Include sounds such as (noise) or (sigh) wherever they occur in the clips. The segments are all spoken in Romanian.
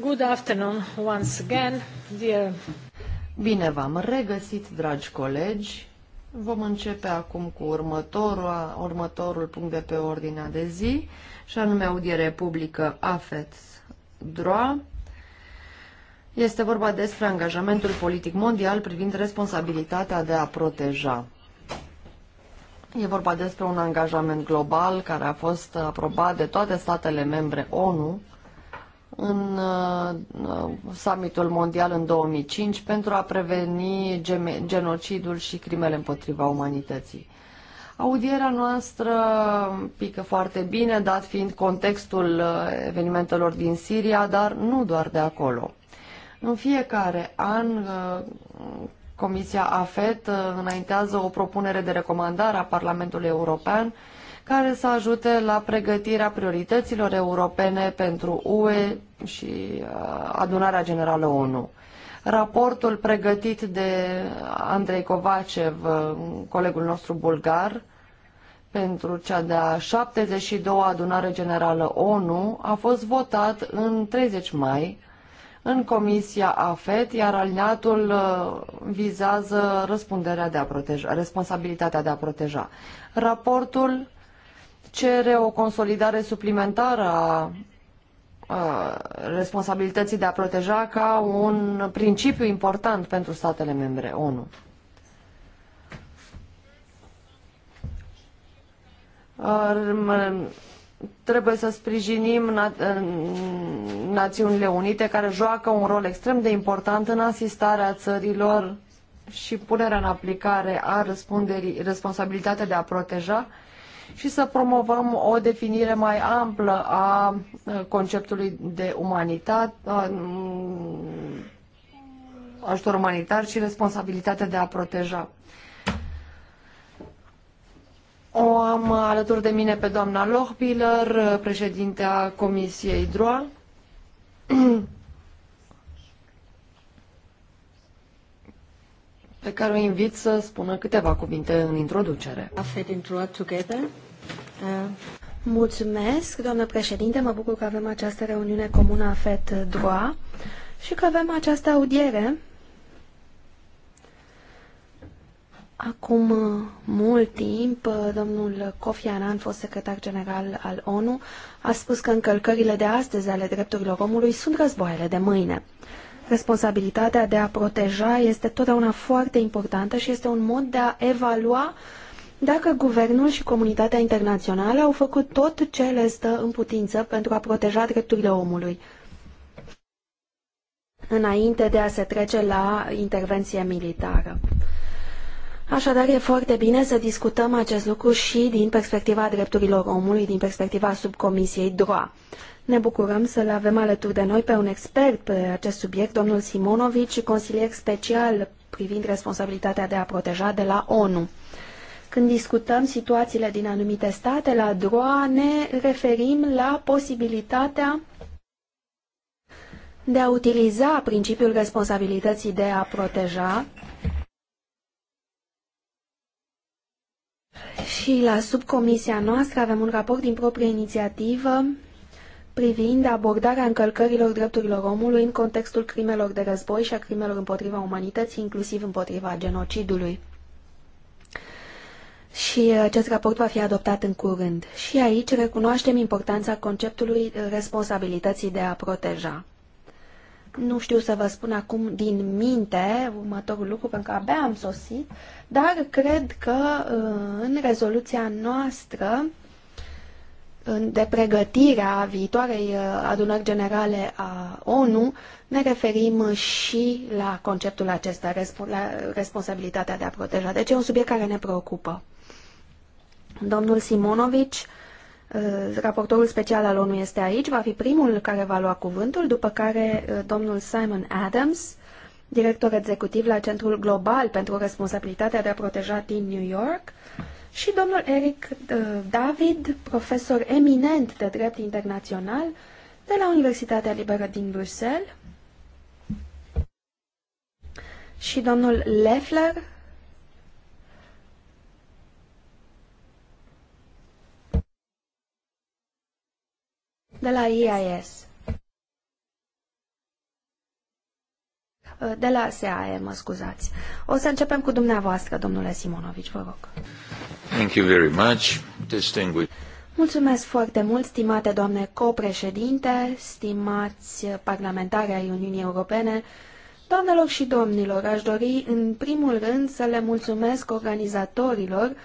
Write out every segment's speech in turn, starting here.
Good afternoon once again, dear... Bine v-am regăsit, dragi colegi. Vom începe acum cu următorul, următorul punct de pe ordinea de zi, și anume audiere publică AFET DROA. Este vorba despre angajamentul politic mondial privind responsabilitatea de a proteja. E vorba despre un angajament global care a fost aprobat de toate statele membre ONU în uh, summitul mondial în 2005 pentru a preveni genocidul și crimele împotriva umanității. Audierea noastră pică foarte bine, dat fiind contextul uh, evenimentelor din Siria, dar nu doar de acolo. În fiecare an, uh, Comisia AFET uh, înaintează o propunere de recomandare a Parlamentului European care să ajute la pregătirea priorităților europene pentru UE și uh, adunarea generală ONU. Raportul pregătit de Andrei Kovacev, uh, colegul nostru bulgar, pentru cea de-a 72-a adunare generală ONU a fost votat în 30 mai în Comisia AFET, iar alineatul uh, vizează răspunderea de a proteja, responsabilitatea de a proteja. Raportul cere o consolidare suplimentară a uh, responsabilității de a proteja ca un principiu important pentru statele membre ONU. Uh, trebuie să sprijinim Națiunile Unite, care joacă un rol extrem de important în asistarea țărilor și punerea în aplicare a răspunderii, responsabilitatea de a proteja și să promovăm o definire mai amplă a conceptului de umanitate, ajutor umanitar și responsabilitatea de a proteja. O am alături de mine pe doamna Lohbiller, președintea Comisiei DROA. (clears throat) pe care o invit să spună câteva cuvinte în introducere. Uh. Mulțumesc, doamnă președinte, mă bucur că avem această reuniune comună a FET-DROA și că avem această audiere Acum uh, mult timp, uh, domnul Kofi Annan, fost secretar general al ONU, a spus că încălcările de astăzi ale drepturilor omului sunt războaiele de mâine. Responsabilitatea de a proteja este totdeauna foarte importantă și este un mod de a evalua dacă guvernul și comunitatea internațională au făcut tot ce le stă în putință pentru a proteja drepturile omului, înainte de a se trece la intervenție militară. Așadar, e foarte bine să discutăm acest lucru și din perspectiva drepturilor omului, din perspectiva subcomisiei DROA. Ne bucurăm să-l avem alături de noi pe un expert pe acest subiect, domnul Simonovici, consilier special privind responsabilitatea de a proteja de la ONU. Când discutăm situațiile din anumite state la DROA, ne referim la posibilitatea de a utiliza principiul responsabilității de a proteja Și la subcomisia noastră avem un raport din proprie inițiativă privind abordarea încălcărilor drepturilor omului în contextul crimelor de război și a crimelor împotriva umanității, inclusiv împotriva genocidului. Și uh, acest raport va fi adoptat în curând. Și aici recunoaștem importanța conceptului uh, responsabilității de a proteja. Nu știu să vă spun acum din minte următorul lucru, pentru că abia am sosit, dar cred că uh, în rezoluția noastră de pregătire a viitoarei uh, adunări generale a ONU, ne referim și la conceptul acesta, la responsabilitatea de a proteja. Deci e un subiect care ne preocupă. Domnul Simonovici Uh, raportorul special al ONU este aici, va fi primul care va lua cuvântul, după care uh, domnul Simon Adams, director executiv la Centrul Global pentru Responsabilitatea de a Proteja din New York, și domnul Eric uh, David, profesor eminent de drept internațional de la Universitatea Liberă din Bruxelles, și domnul Leffler, de la EIS, De la SAE, mă scuzați. O să începem cu dumneavoastră, domnule Simonovici, vă rog. Thank you very much, distinguished. Mulțumesc foarte mult, stimate doamne copreședinte, stimați parlamentari ai Uniunii Europene, doamnelor și domnilor, aș dori în primul rând să le mulțumesc organizatorilor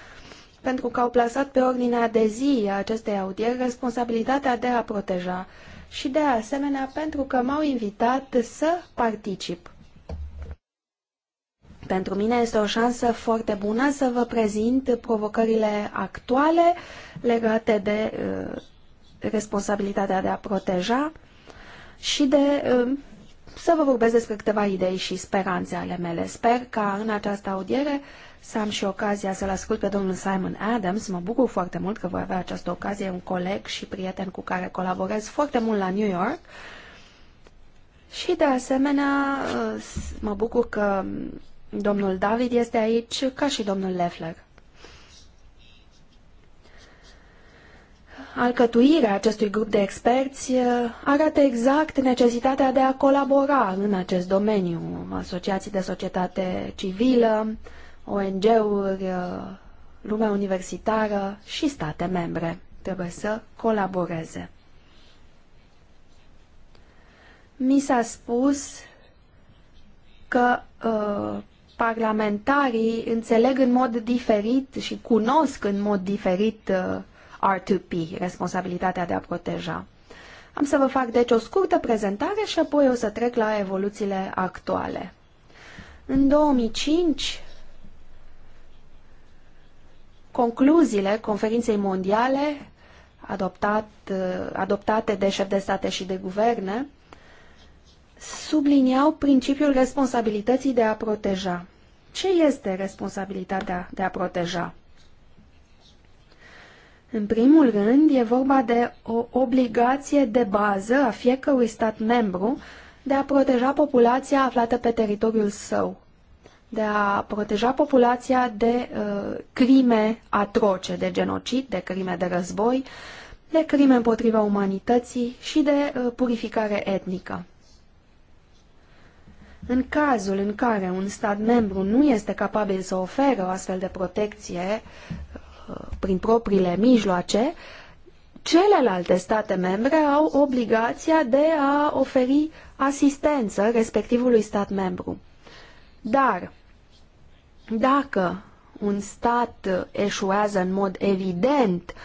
pentru că au plasat pe ordinea de zi a acestei audieri responsabilitatea de a proteja și de asemenea pentru că m-au invitat să particip. Pentru mine este o șansă foarte bună să vă prezint provocările actuale legate de uh, responsabilitatea de a proteja și de uh, să vă vorbesc despre câteva idei și speranțe ale mele. Sper ca în această audiere să am și ocazia să-l ascult pe domnul Simon Adams. Mă bucur foarte mult că voi avea această ocazie, un coleg și prieten cu care colaborez foarte mult la New York. Și de asemenea, mă bucur că domnul David este aici, ca și domnul Leffler. alcătuirea acestui grup de experți uh, arată exact necesitatea de a colabora în acest domeniu, asociații de societate civilă, ONG-uri, uh, lumea universitară și state membre. Trebuie să colaboreze. Mi s-a spus că uh, parlamentarii înțeleg în mod diferit și cunosc în mod diferit uh, R2P, responsabilitatea de a proteja. Am să vă fac deci o scurtă prezentare și apoi o să trec la evoluțiile actuale. În 2005, concluziile conferinței mondiale adoptat, adoptate de șef de state și de guverne subliniau principiul responsabilității de a proteja. Ce este responsabilitatea de a proteja? În primul rând, e vorba de o obligație de bază a fiecărui stat membru de a proteja populația aflată pe teritoriul său, de a proteja populația de uh, crime atroce, de genocid, de crime de război, de crime împotriva umanității și de uh, purificare etnică. În cazul în care un stat membru nu este capabil să ofere o astfel de protecție Uh, prin propriile mijloace, celelalte state membre au obligația de a oferi asistență respectivului stat membru. Dar dacă un stat eșuează în mod evident uh,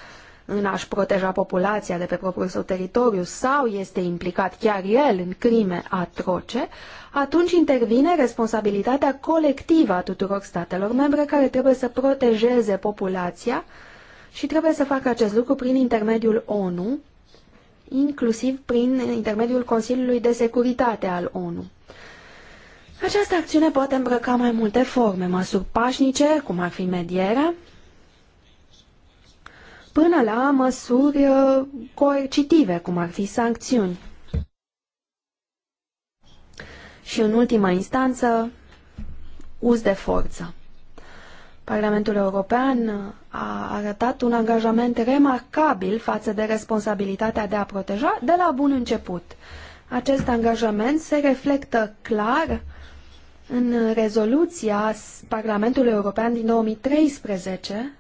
în a-și proteja populația de pe propriul său teritoriu sau este implicat chiar el în crime atroce, atunci intervine responsabilitatea colectivă a tuturor statelor membre care trebuie să protejeze populația și trebuie să facă acest lucru prin intermediul ONU, inclusiv prin intermediul Consiliului de Securitate al ONU. Această acțiune poate îmbrăca mai multe forme, măsuri pașnice, cum ar fi medierea, până la măsuri uh, coercitive, cum ar fi sancțiuni. Și în ultima instanță, uz de forță. Parlamentul European a arătat un angajament remarcabil față de responsabilitatea de a proteja de la bun început. Acest angajament se reflectă clar în rezoluția Parlamentului European din 2013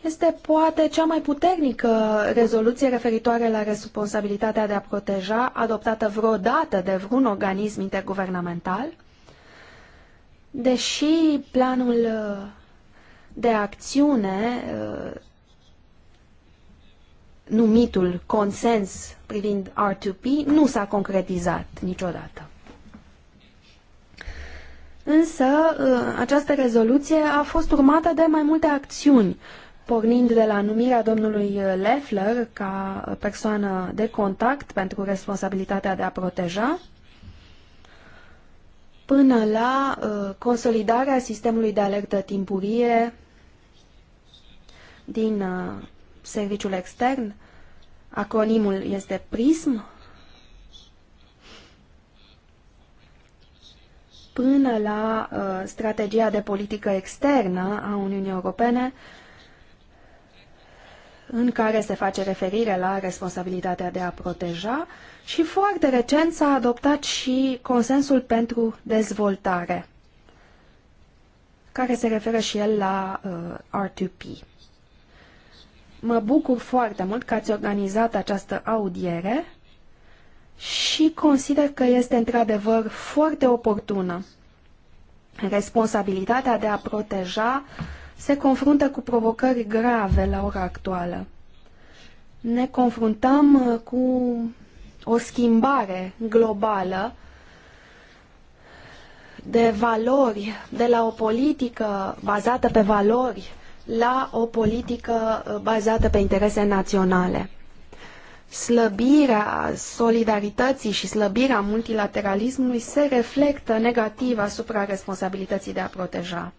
este poate cea mai puternică rezoluție referitoare la responsabilitatea de a proteja adoptată vreodată de vreun organism interguvernamental, deși planul uh, de acțiune, uh, numitul consens privind R2P, nu s-a concretizat niciodată. Însă, uh, această rezoluție a fost urmată de mai multe acțiuni pornind de la numirea domnului Leffler ca persoană de contact pentru responsabilitatea de a proteja, până la uh, consolidarea sistemului de alertă timpurie din uh, serviciul extern. Acronimul este PRISM. până la uh, strategia de politică externă a Uniunii Europene uh, în care se face referire la responsabilitatea de a proteja și foarte recent s-a adoptat și consensul pentru dezvoltare, care se referă și el la uh, R2P. Mă bucur foarte mult că ați organizat această audiere și consider că este într-adevăr foarte oportună. Responsabilitatea de a proteja uh, se confruntă cu provocări grave la ora actuală. Ne confruntăm uh, cu o schimbare globală de valori, de la o politică bazată pe valori la o politică uh, bazată pe interese naționale. Slăbirea solidarității și slăbirea multilateralismului se reflectă negativ asupra responsabilității de a proteja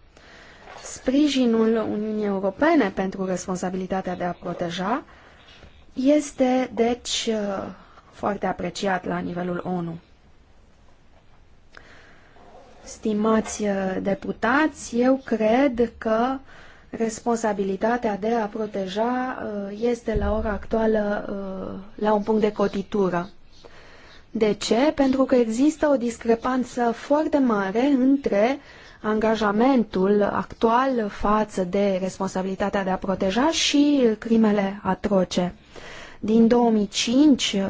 sprijinul Uniunii Europene pentru responsabilitatea de a proteja este, deci, uh, foarte apreciat la nivelul ONU. Stimați uh, deputați, eu cred că responsabilitatea de a proteja uh, este la ora actuală la un punct de cotitură. De ce? Pentru că există o discrepanță foarte mare între uh, angajamentul actual față de responsabilitatea de a proteja și crimele atroce. Din 2005,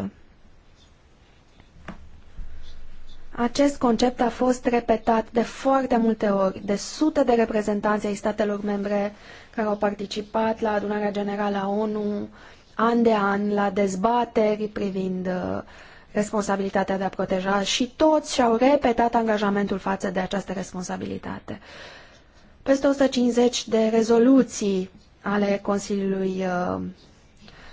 acest concept a fost repetat de foarte multe ori, de sute de reprezentanți ai statelor membre care au participat la adunarea generală a ONU, an de an, la dezbateri privind uh, responsabilitatea de a proteja și toți și-au repetat angajamentul față de această responsabilitate. Peste 150 de rezoluții ale Consiliului uh,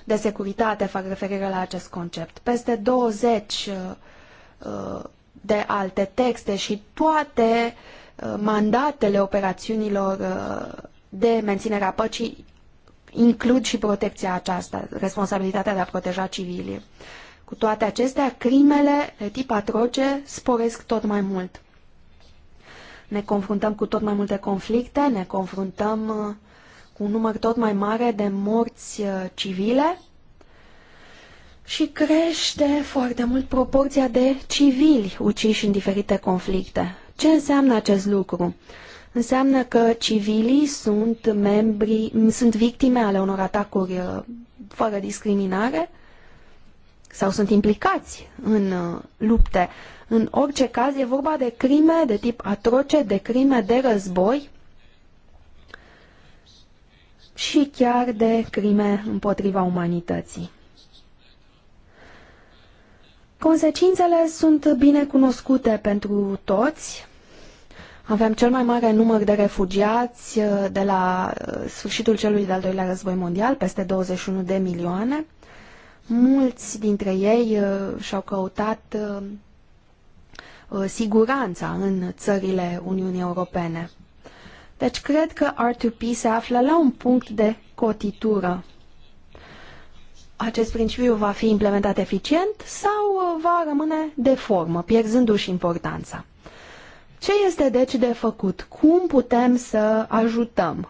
de Securitate fac referire la acest concept. Peste 20 uh, uh, de alte texte și toate mandatele operațiunilor de menținere a păcii includ și protecția aceasta, responsabilitatea de a proteja civilii. Cu toate acestea, crimele de tip atroce sporesc tot mai mult. Ne confruntăm cu tot mai multe conflicte, ne confruntăm uh, cu un număr tot mai mare de morți uh, civile și crește foarte mult proporția de civili uciși în diferite conflicte. Ce înseamnă acest lucru? Înseamnă că civilii sunt membri, sunt victime ale unor atacuri uh, fără discriminare, sau sunt implicați în uh, lupte. În orice caz, e vorba de crime de tip atroce, de crime de război și chiar de crime împotriva umanității. Consecințele sunt bine cunoscute pentru toți. Avem cel mai mare număr de refugiați uh, de la uh, sfârșitul celui de-al doilea război mondial, peste 21 de milioane. Mulți dintre ei uh, și-au căutat uh, uh, siguranța în țările Uniunii Europene. Deci cred că R2P se află la un punct de cotitură. Acest principiu va fi implementat eficient sau va rămâne de formă, pierzându-și importanța. Ce este deci de făcut? Cum putem să ajutăm?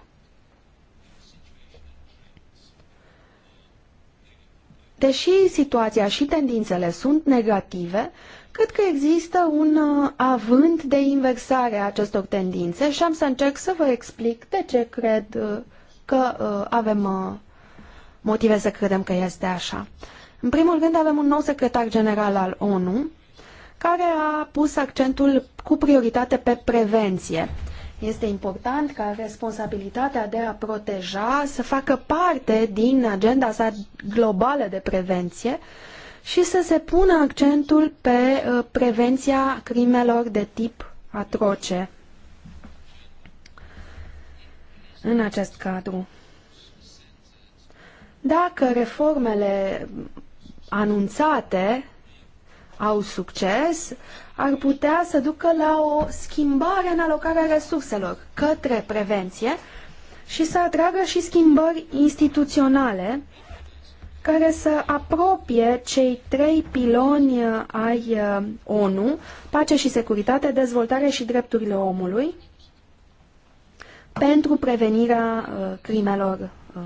Deși situația și tendințele sunt negative, cred că există un uh, avânt de inversare a acestor tendințe și am să încerc să vă explic de ce cred uh, că uh, avem motive să credem că este așa. În primul rând avem un nou secretar general al ONU, care a pus accentul cu prioritate pe prevenție este important ca responsabilitatea de a proteja să facă parte din agenda sa globală de prevenție și să se pună accentul pe uh, prevenția crimelor de tip atroce în acest cadru. Dacă reformele anunțate au succes, ar putea să ducă la o schimbare în alocarea resurselor către prevenție și să atragă și schimbări instituționale care să apropie cei trei piloni ai uh, ONU, pace și securitate, dezvoltare și drepturile omului, pentru prevenirea uh, crimelor uh,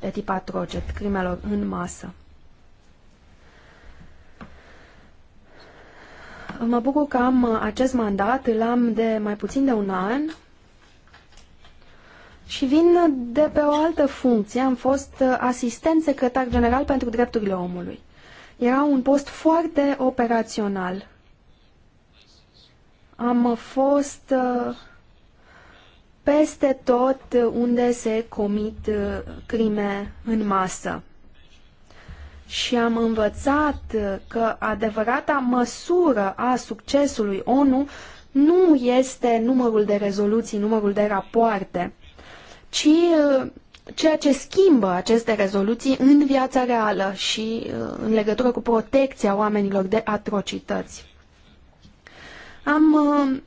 de tip atrocet, crimelor în masă. Mă bucur că am uh, acest mandat, îl am de mai puțin de un an și vin de pe o altă funcție. Am fost uh, asistent secretar general pentru drepturile omului. Era un post foarte operațional. Am fost uh, peste tot unde se comit crime în masă și am învățat că adevărata măsură a succesului ONU nu este numărul de rezoluții, numărul de rapoarte, ci uh, ceea ce schimbă aceste rezoluții în viața reală și uh, în legătură cu protecția oamenilor de atrocități. Am uh,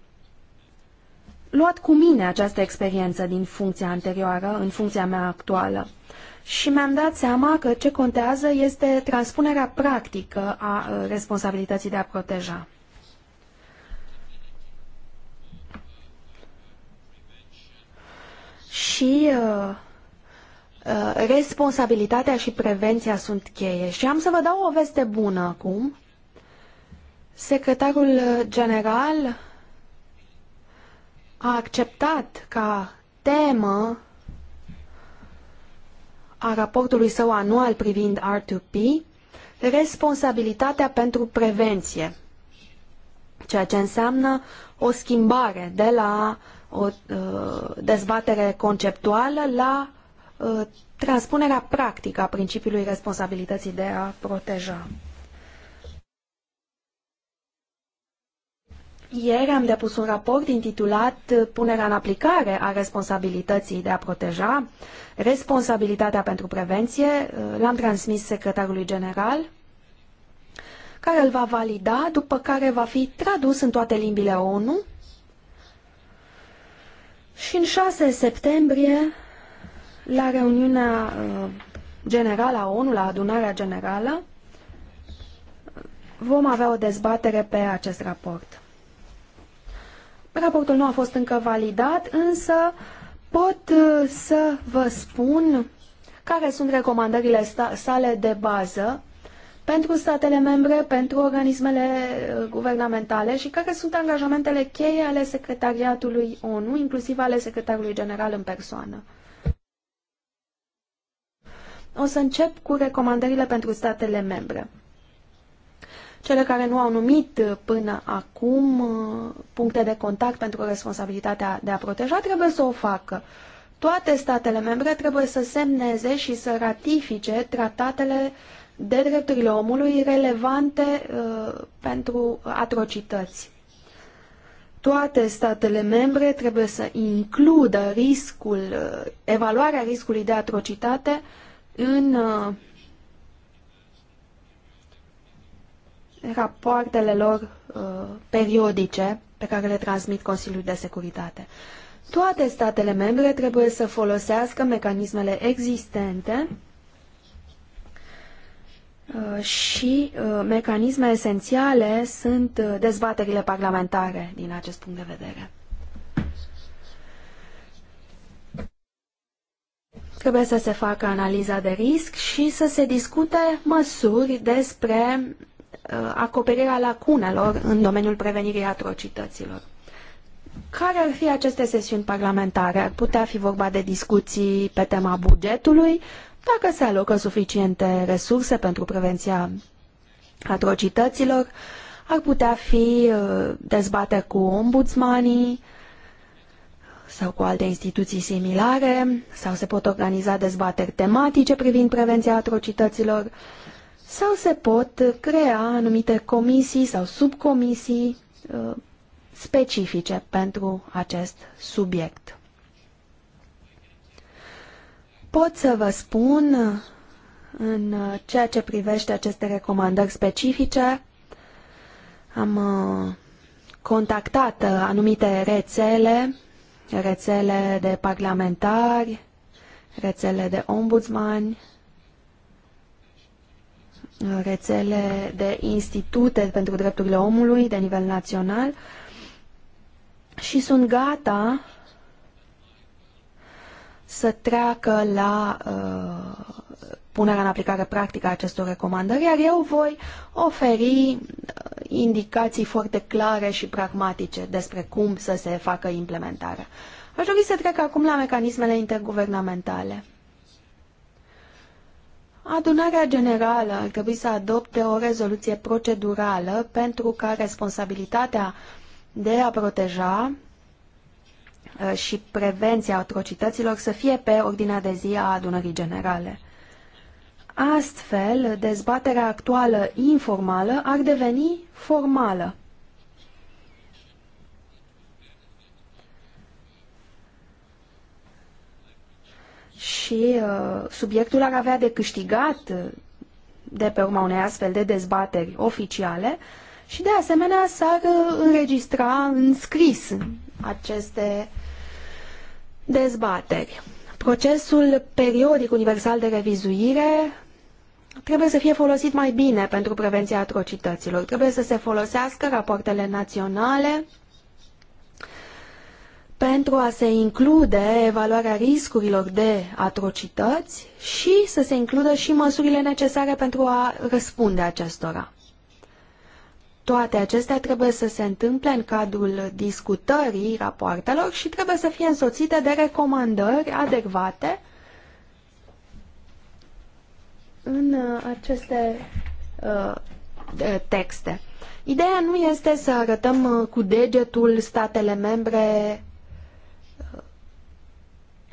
luat cu mine această experiență din funcția anterioară în funcția mea actuală și mi-am dat seama că ce contează este transpunerea practică a uh, responsabilității de a proteja. Și uh, uh, responsabilitatea și prevenția sunt cheie. Și am să vă dau o veste bună acum. Secretarul general a acceptat ca temă a raportului său anual privind R2P, responsabilitatea pentru prevenție, ceea ce înseamnă o schimbare de la o uh, dezbatere conceptuală la uh, transpunerea practică a principiului responsabilității de a proteja. Ieri am depus un raport intitulat Punerea în aplicare a responsabilității de a proteja, responsabilitatea pentru prevenție. L-am transmis secretarului general, care îl va valida, după care va fi tradus în toate limbile ONU. Și în 6 septembrie, la reuniunea uh, generală a ONU, la adunarea generală, vom avea o dezbatere pe acest raport. Raportul nu a fost încă validat, însă pot uh, să vă spun care sunt recomandările sale de bază pentru statele membre, pentru organismele uh, guvernamentale și care sunt angajamentele cheie ale Secretariatului ONU, inclusiv ale Secretarului General în persoană. O să încep cu recomandările pentru statele membre cele care nu au numit uh, până acum uh, puncte de contact pentru responsabilitatea de a proteja trebuie să o facă. Toate statele membre trebuie să semneze și să ratifice tratatele de drepturile omului relevante uh, pentru atrocități. Toate statele membre trebuie să includă riscul, uh, evaluarea riscului de atrocitate în uh, rapoartele lor uh, periodice pe care le transmit Consiliul de Securitate. Toate statele membre trebuie să folosească mecanismele existente uh, și uh, mecanisme esențiale sunt uh, dezbaterile parlamentare din acest punct de vedere. Trebuie să se facă analiza de risc și să se discute măsuri despre Uh, acoperirea lacunelor în domeniul prevenirii atrocităților. Care ar fi aceste sesiuni parlamentare? Ar putea fi vorba de discuții pe tema bugetului, dacă se alocă suficiente resurse pentru prevenția atrocităților, ar putea fi uh, dezbate cu ombudsmanii sau cu alte instituții similare, sau se pot organiza dezbateri tematice privind prevenția atrocităților sau se pot crea anumite comisii sau subcomisii uh, specifice pentru acest subiect. Pot să vă spun în ceea ce privește aceste recomandări specifice, am uh, contactat uh, anumite rețele, rețele de parlamentari, rețele de ombudsmani, rețele de institute pentru drepturile omului de nivel național și sunt gata să treacă la uh, punerea în aplicare practică a acestor recomandări, iar eu voi oferi uh, indicații foarte clare și pragmatice despre cum să se facă implementarea. Aș dori să trec acum la mecanismele interguvernamentale. Adunarea generală ar trebui să adopte o rezoluție procedurală pentru ca responsabilitatea de a proteja uh, și prevenția atrocităților să fie pe ordinea de zi a adunării generale. Astfel, dezbaterea actuală informală ar deveni formală. și uh, subiectul ar avea de câștigat uh, de pe urma unei astfel de dezbateri oficiale și de asemenea s-ar uh, înregistra în scris aceste dezbateri. Procesul periodic universal de revizuire trebuie să fie folosit mai bine pentru prevenția atrocităților. Trebuie să se folosească rapoartele naționale pentru a se include evaluarea riscurilor de atrocități și să se includă și măsurile necesare pentru a răspunde acestora. Toate acestea trebuie să se întâmple în cadrul discutării rapoartelor și trebuie să fie însoțite de recomandări adecvate în uh, aceste uh, texte. Ideea nu este să arătăm uh, cu degetul statele membre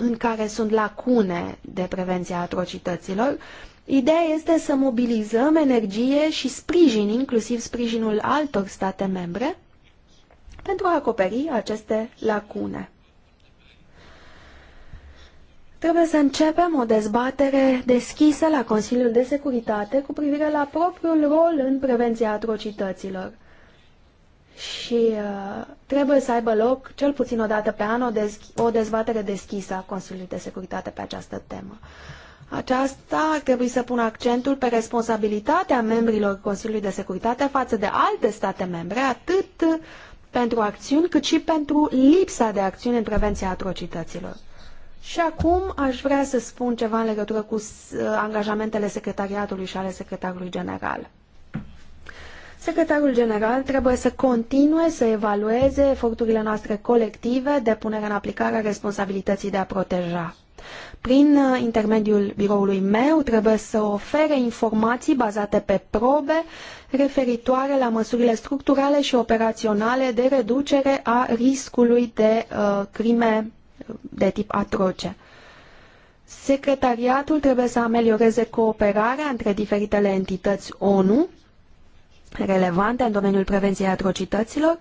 în care sunt lacune de prevenție a atrocităților. Ideea este să mobilizăm energie și sprijin, inclusiv sprijinul altor state membre, pentru a acoperi aceste lacune. Trebuie să începem o dezbatere deschisă la Consiliul de Securitate cu privire la propriul rol în prevenția atrocităților și uh, trebuie să aibă loc, cel puțin o dată pe an, o, dezch- o dezbatere deschisă a Consiliului de Securitate pe această temă. Aceasta ar trebui să pună accentul pe responsabilitatea membrilor Consiliului de Securitate față de alte state membre, atât pentru acțiuni, cât și pentru lipsa de acțiuni în prevenția atrocităților. Și acum aș vrea să spun ceva în legătură cu uh, angajamentele secretariatului și ale secretarului general. Secretarul General trebuie să continue să evalueze eforturile noastre colective de punere în aplicare a responsabilității de a proteja. Prin uh, intermediul biroului meu trebuie să ofere informații bazate pe probe referitoare la măsurile structurale și operaționale de reducere a riscului de uh, crime uh, de tip atroce. Secretariatul trebuie să amelioreze cooperarea între diferitele entități ONU relevante în domeniul prevenției atrocităților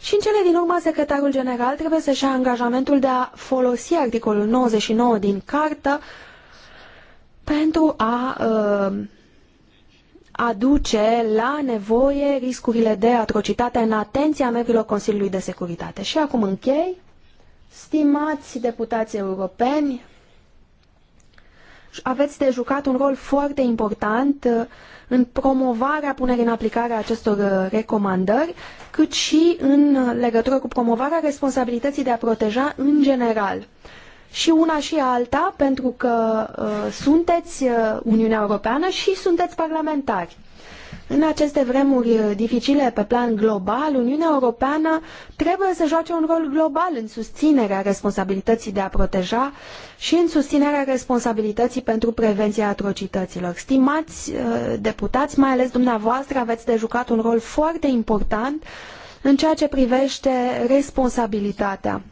și în cele din urmă secretarul general trebuie să-și ia angajamentul de a folosi articolul 99 din cartă pentru a uh, aduce la nevoie riscurile de atrocitate în atenția membrilor Consiliului de Securitate. Și acum închei. Stimați deputați europeni, aveți de jucat un rol foarte important uh, în promovarea punerii în aplicare a acestor uh, recomandări, cât și în uh, legătură cu promovarea responsabilității de a proteja în general. Și una și alta, pentru că uh, sunteți Uniunea Europeană și sunteți parlamentari. În aceste vremuri uh, dificile pe plan global, Uniunea Europeană trebuie să joace un rol global în susținerea responsabilității de a proteja și în susținerea responsabilității pentru prevenția atrocităților. Stimați uh, deputați, mai ales dumneavoastră, aveți de jucat un rol foarte important în ceea ce privește responsabilitatea.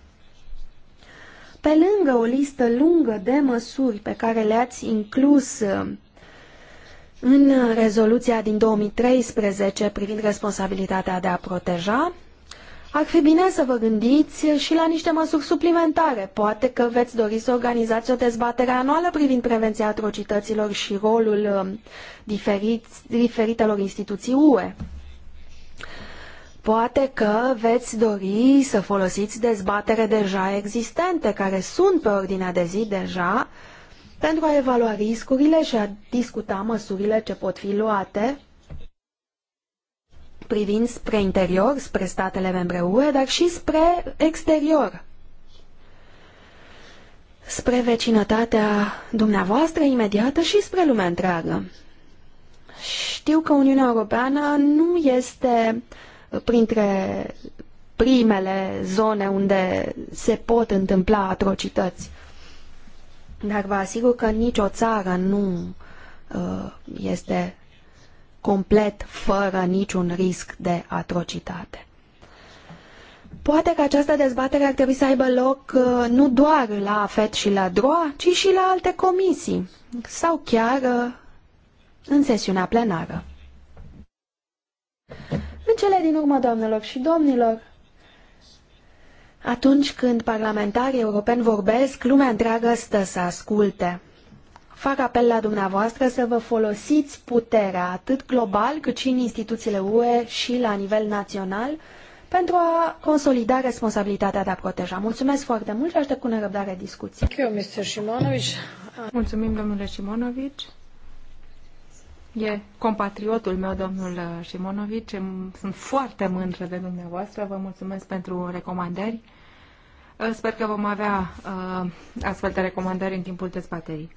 Pe lângă o listă lungă de măsuri pe care le-ați inclus uh, în rezoluția din 2013 privind responsabilitatea de a proteja, ar fi bine să vă gândiți și la niște măsuri suplimentare. Poate că veți dori să organizați o dezbatere anuală privind prevenția atrocităților și rolul um, diferitelor instituții UE. Poate că veți dori să folosiți dezbatere deja existente, care sunt pe ordinea de zi deja, uh, pentru a evalua riscurile și a discuta măsurile ce pot fi luate privind spre interior, spre statele membre UE, dar și spre exterior, spre vecinătatea dumneavoastră imediată și spre lumea întreagă. Știu că Uniunea Europeană nu este printre primele zone unde se pot întâmpla atrocități. Dar vă asigur că nicio țară nu uh, este complet fără niciun risc de atrocitate. Poate că această dezbatere ar trebui să aibă loc uh, nu doar la FET și la DROA, ci și la alte comisii sau chiar uh, în sesiunea plenară. În cele din urmă, doamnelor și domnilor, atunci când parlamentarii europeni vorbesc, lumea întreagă stă să asculte. Fac apel la dumneavoastră să vă folosiți puterea, atât global cât și în instituțiile UE și la nivel național, pentru a consolida responsabilitatea de a proteja. Mulțumesc foarte mult și aștept cu nerăbdare discuții. Mulțumim, domnule Simonovici. E compatriotul meu, domnul Șimonovici. Sunt foarte mândră de dumneavoastră. Vă mulțumesc pentru recomandări. Uh, sper că vom avea uh, astfel de recomandări în timpul dezbaterii.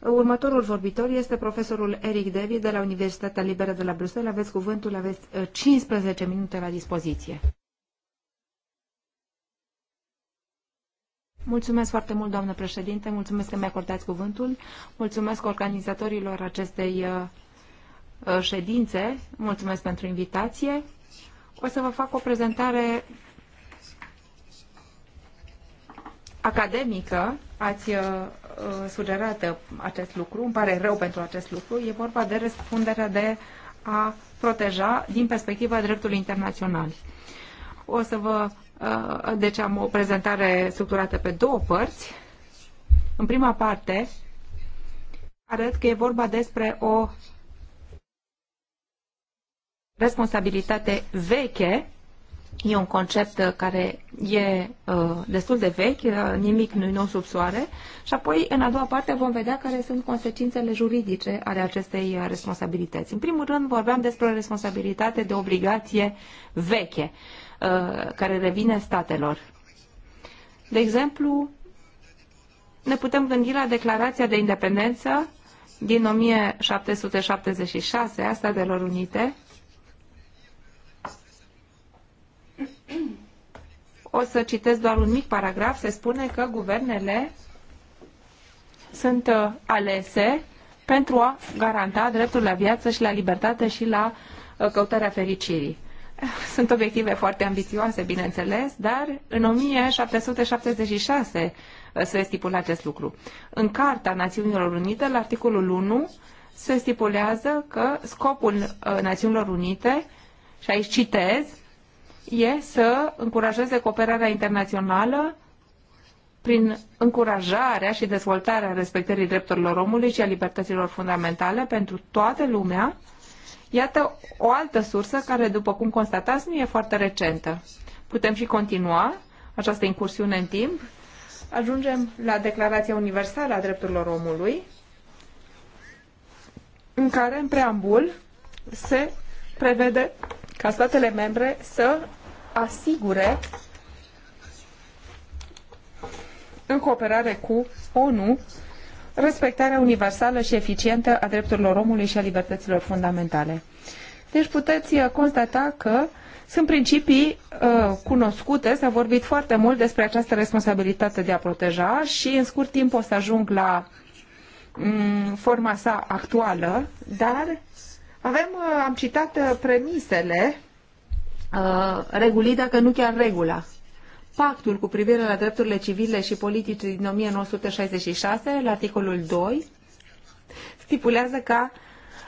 Uh, următorul vorbitor este profesorul Eric David de la Universitatea Liberă de la Bruxelles. Aveți cuvântul, aveți 15 minute la dispoziție. Mulțumesc foarte mult, doamnă președinte, mulțumesc că mi-acordați cuvântul, mulțumesc organizatorilor acestei Uh, ședințe. Mulțumesc pentru invitație. O să vă fac o prezentare academică. Ați uh, uh, sugerat acest lucru. Îmi pare rău pentru acest lucru. E vorba de răspunderea de a proteja din perspectiva dreptului internațional. O să vă... Deci am o prezentare structurată pe două părți. În prima parte arăt că e vorba despre o responsabilitate veche E un concept uh, care e uh, destul de vechi, uh, nimic nu-i nou sub soare. Și apoi, în a doua parte, vom vedea care sunt consecințele juridice ale acestei uh, responsabilități. În primul rând, vorbeam despre o responsabilitate de obligație veche, uh, care revine statelor. De exemplu, ne putem gândi la declarația de independență din 1776 a Statelor Unite, O să citesc doar un mic paragraf. Se spune că guvernele sunt uh, alese pentru a garanta dreptul la viață și la libertate și la uh, căutarea fericirii. (laughs) Sunt obiective foarte ambițioase, bineînțeles, dar în 1776 uh, se stipulă acest lucru. În Carta Națiunilor Unite, la articolul 1, se stipulează că scopul Națiunilor Unite, și aici citez, e să încurajeze cooperarea internațională prin încurajarea și dezvoltarea respectării drepturilor omului și a libertăților fundamentale pentru toată lumea. Iată o altă sursă care, după cum constatați, nu e foarte recentă. Putem și continua această incursiune în timp. Ajungem la Declarația Universală a Drepturilor Omului, în care, în preambul, se prevede ca statele membre să asigure în cooperare cu ONU respectarea universală și eficientă a drepturilor omului și a libertăților fundamentale. Deci puteți uh, constata că sunt principii uh, cunoscute, s-a vorbit foarte mult despre această responsabilitate de a proteja și în scurt timp o să ajung la um, forma sa actuală, dar avem, uh, am citat uh, premisele Uh, regulii, dacă nu chiar regula. Pactul cu privire la drepturile civile și politice din 1966, la articolul 2, stipulează ca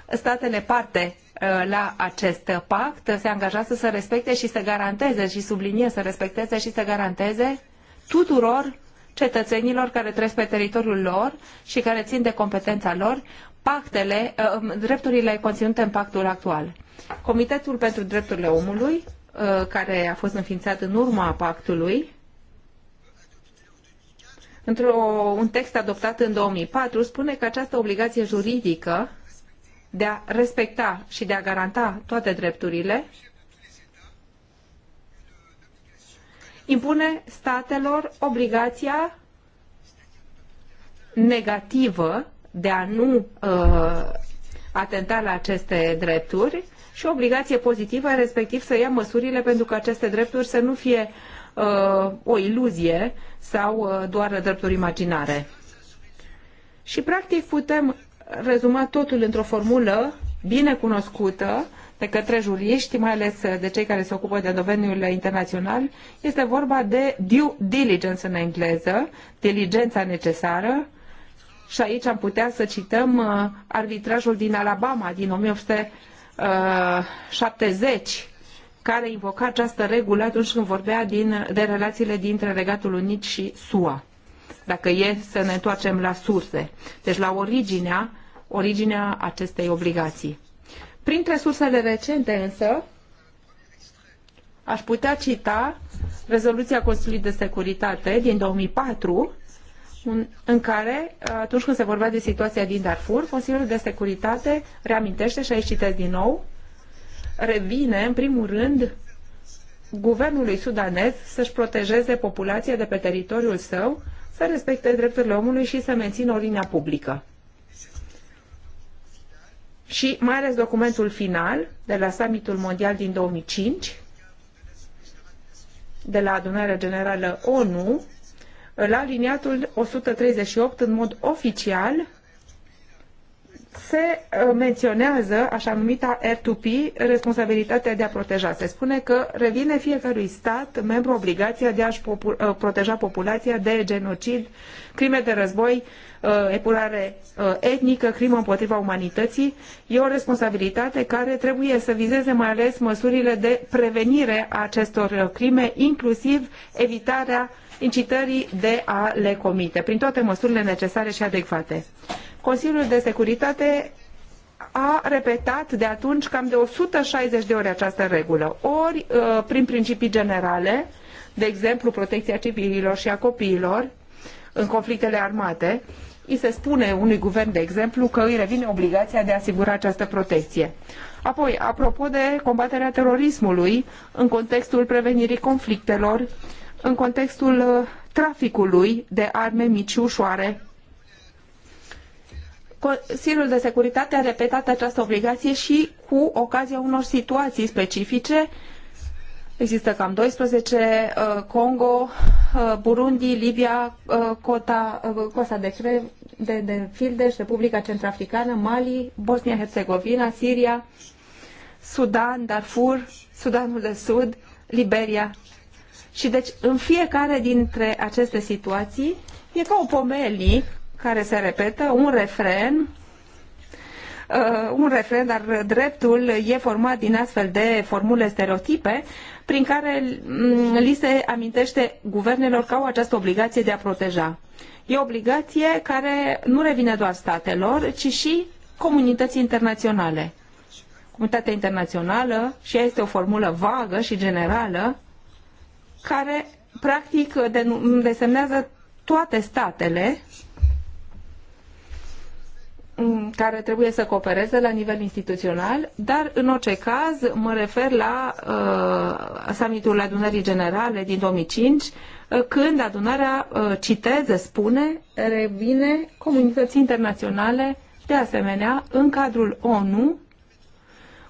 statele parte uh, la acest pact se angajează să respecte și să garanteze și sublinie să respecteze și să garanteze tuturor cetățenilor care trăiesc pe teritoriul lor și care țin de competența lor pactele, uh, drepturile conținute în pactul actual. Comitetul pentru Drepturile Omului, uh, care a fost înființat în urma pactului, într-un text adoptat în 2004, spune că această obligație juridică de a respecta și de a garanta toate drepturile impune statelor obligația negativă de a nu uh, atenta la aceste drepturi și o obligație pozitivă, respectiv să ia măsurile pentru că aceste drepturi să nu fie uh, o iluzie sau uh, doar drepturi imaginare. Și practic putem rezuma totul într-o formulă bine cunoscută de către juriști, mai ales uh, de cei care se ocupă de domeniul internațional, este vorba de due diligence în engleză, diligența necesară, și aici am putea să cităm uh, arbitrajul din Alabama din 1800 70 uh, care invoca această regulă atunci când vorbea din, de relațiile dintre Regatul Unit și SUA. Dacă e să ne întoarcem la surse, deci la originea, originea acestei obligații. Printre sursele recente însă, aș putea cita rezoluția Consiliului de Securitate din 2004, un, în care, uh, atunci când se vorbea de situația din Darfur, Consiliul de Securitate reamintește, și aici citesc din nou, revine, în primul rând, guvernului sudanez să-și protejeze populația de pe teritoriul său, să respecte drepturile omului și să mențină ordinea publică. Și mai ales documentul final de la summitul mondial din 2005, de la adunarea generală ONU, la liniatul 138 în mod oficial se uh, menționează așa numita R2P, responsabilitatea de a proteja. Se spune că revine fiecărui stat membru obligația de a-și popu uh, proteja populația de genocid, crime de război, uh, epurare etnică, crimă împotriva umanității. E o responsabilitate care trebuie să vizeze mai ales măsurile de prevenire a acestor crime, inclusiv evitarea incitării de a le comite, prin toate măsurile necesare și adecvate. Consiliul de Securitate a repetat de atunci cam de 160 de ori această regulă. Ori uh, prin principii generale, de exemplu protecția civililor și a copiilor în conflictele armate, îi se spune unui guvern, de exemplu, că îi revine obligația de a asigura această protecție. Apoi, apropo de combaterea terorismului, în contextul prevenirii conflictelor, în contextul uh, traficului de arme mici și ușoare, Consiliul de Securitate a repetat această obligație și cu ocazia unor situații specifice. Există cam 12, uh, Congo, uh, Burundi, Libia, uh, Cota, Costa de, Cre, de, de Fildeș, Republica Centrafricană, Mali, Bosnia-Herzegovina, Siria, Sudan, Darfur, Sudanul de Sud, Liberia. Și deci în fiecare dintre aceste situații e ca o pomelie care se repetă, un refren, uh, un refren, dar dreptul e format din astfel de formule stereotipe, prin care mm, li se amintește guvernelor că au această obligație de a proteja. E o obligație care nu revine doar statelor, ci și comunității internaționale. Comunitatea internațională și ea este o formulă vagă și generală care practic desemnează toate statele Mm, care trebuie să coopereze la nivel instituțional, dar în orice caz mă refer la uh, summitul adunării generale din 2005, uh, când adunarea, uh, citeze, spune, revine comunității internaționale, de asemenea, în cadrul ONU,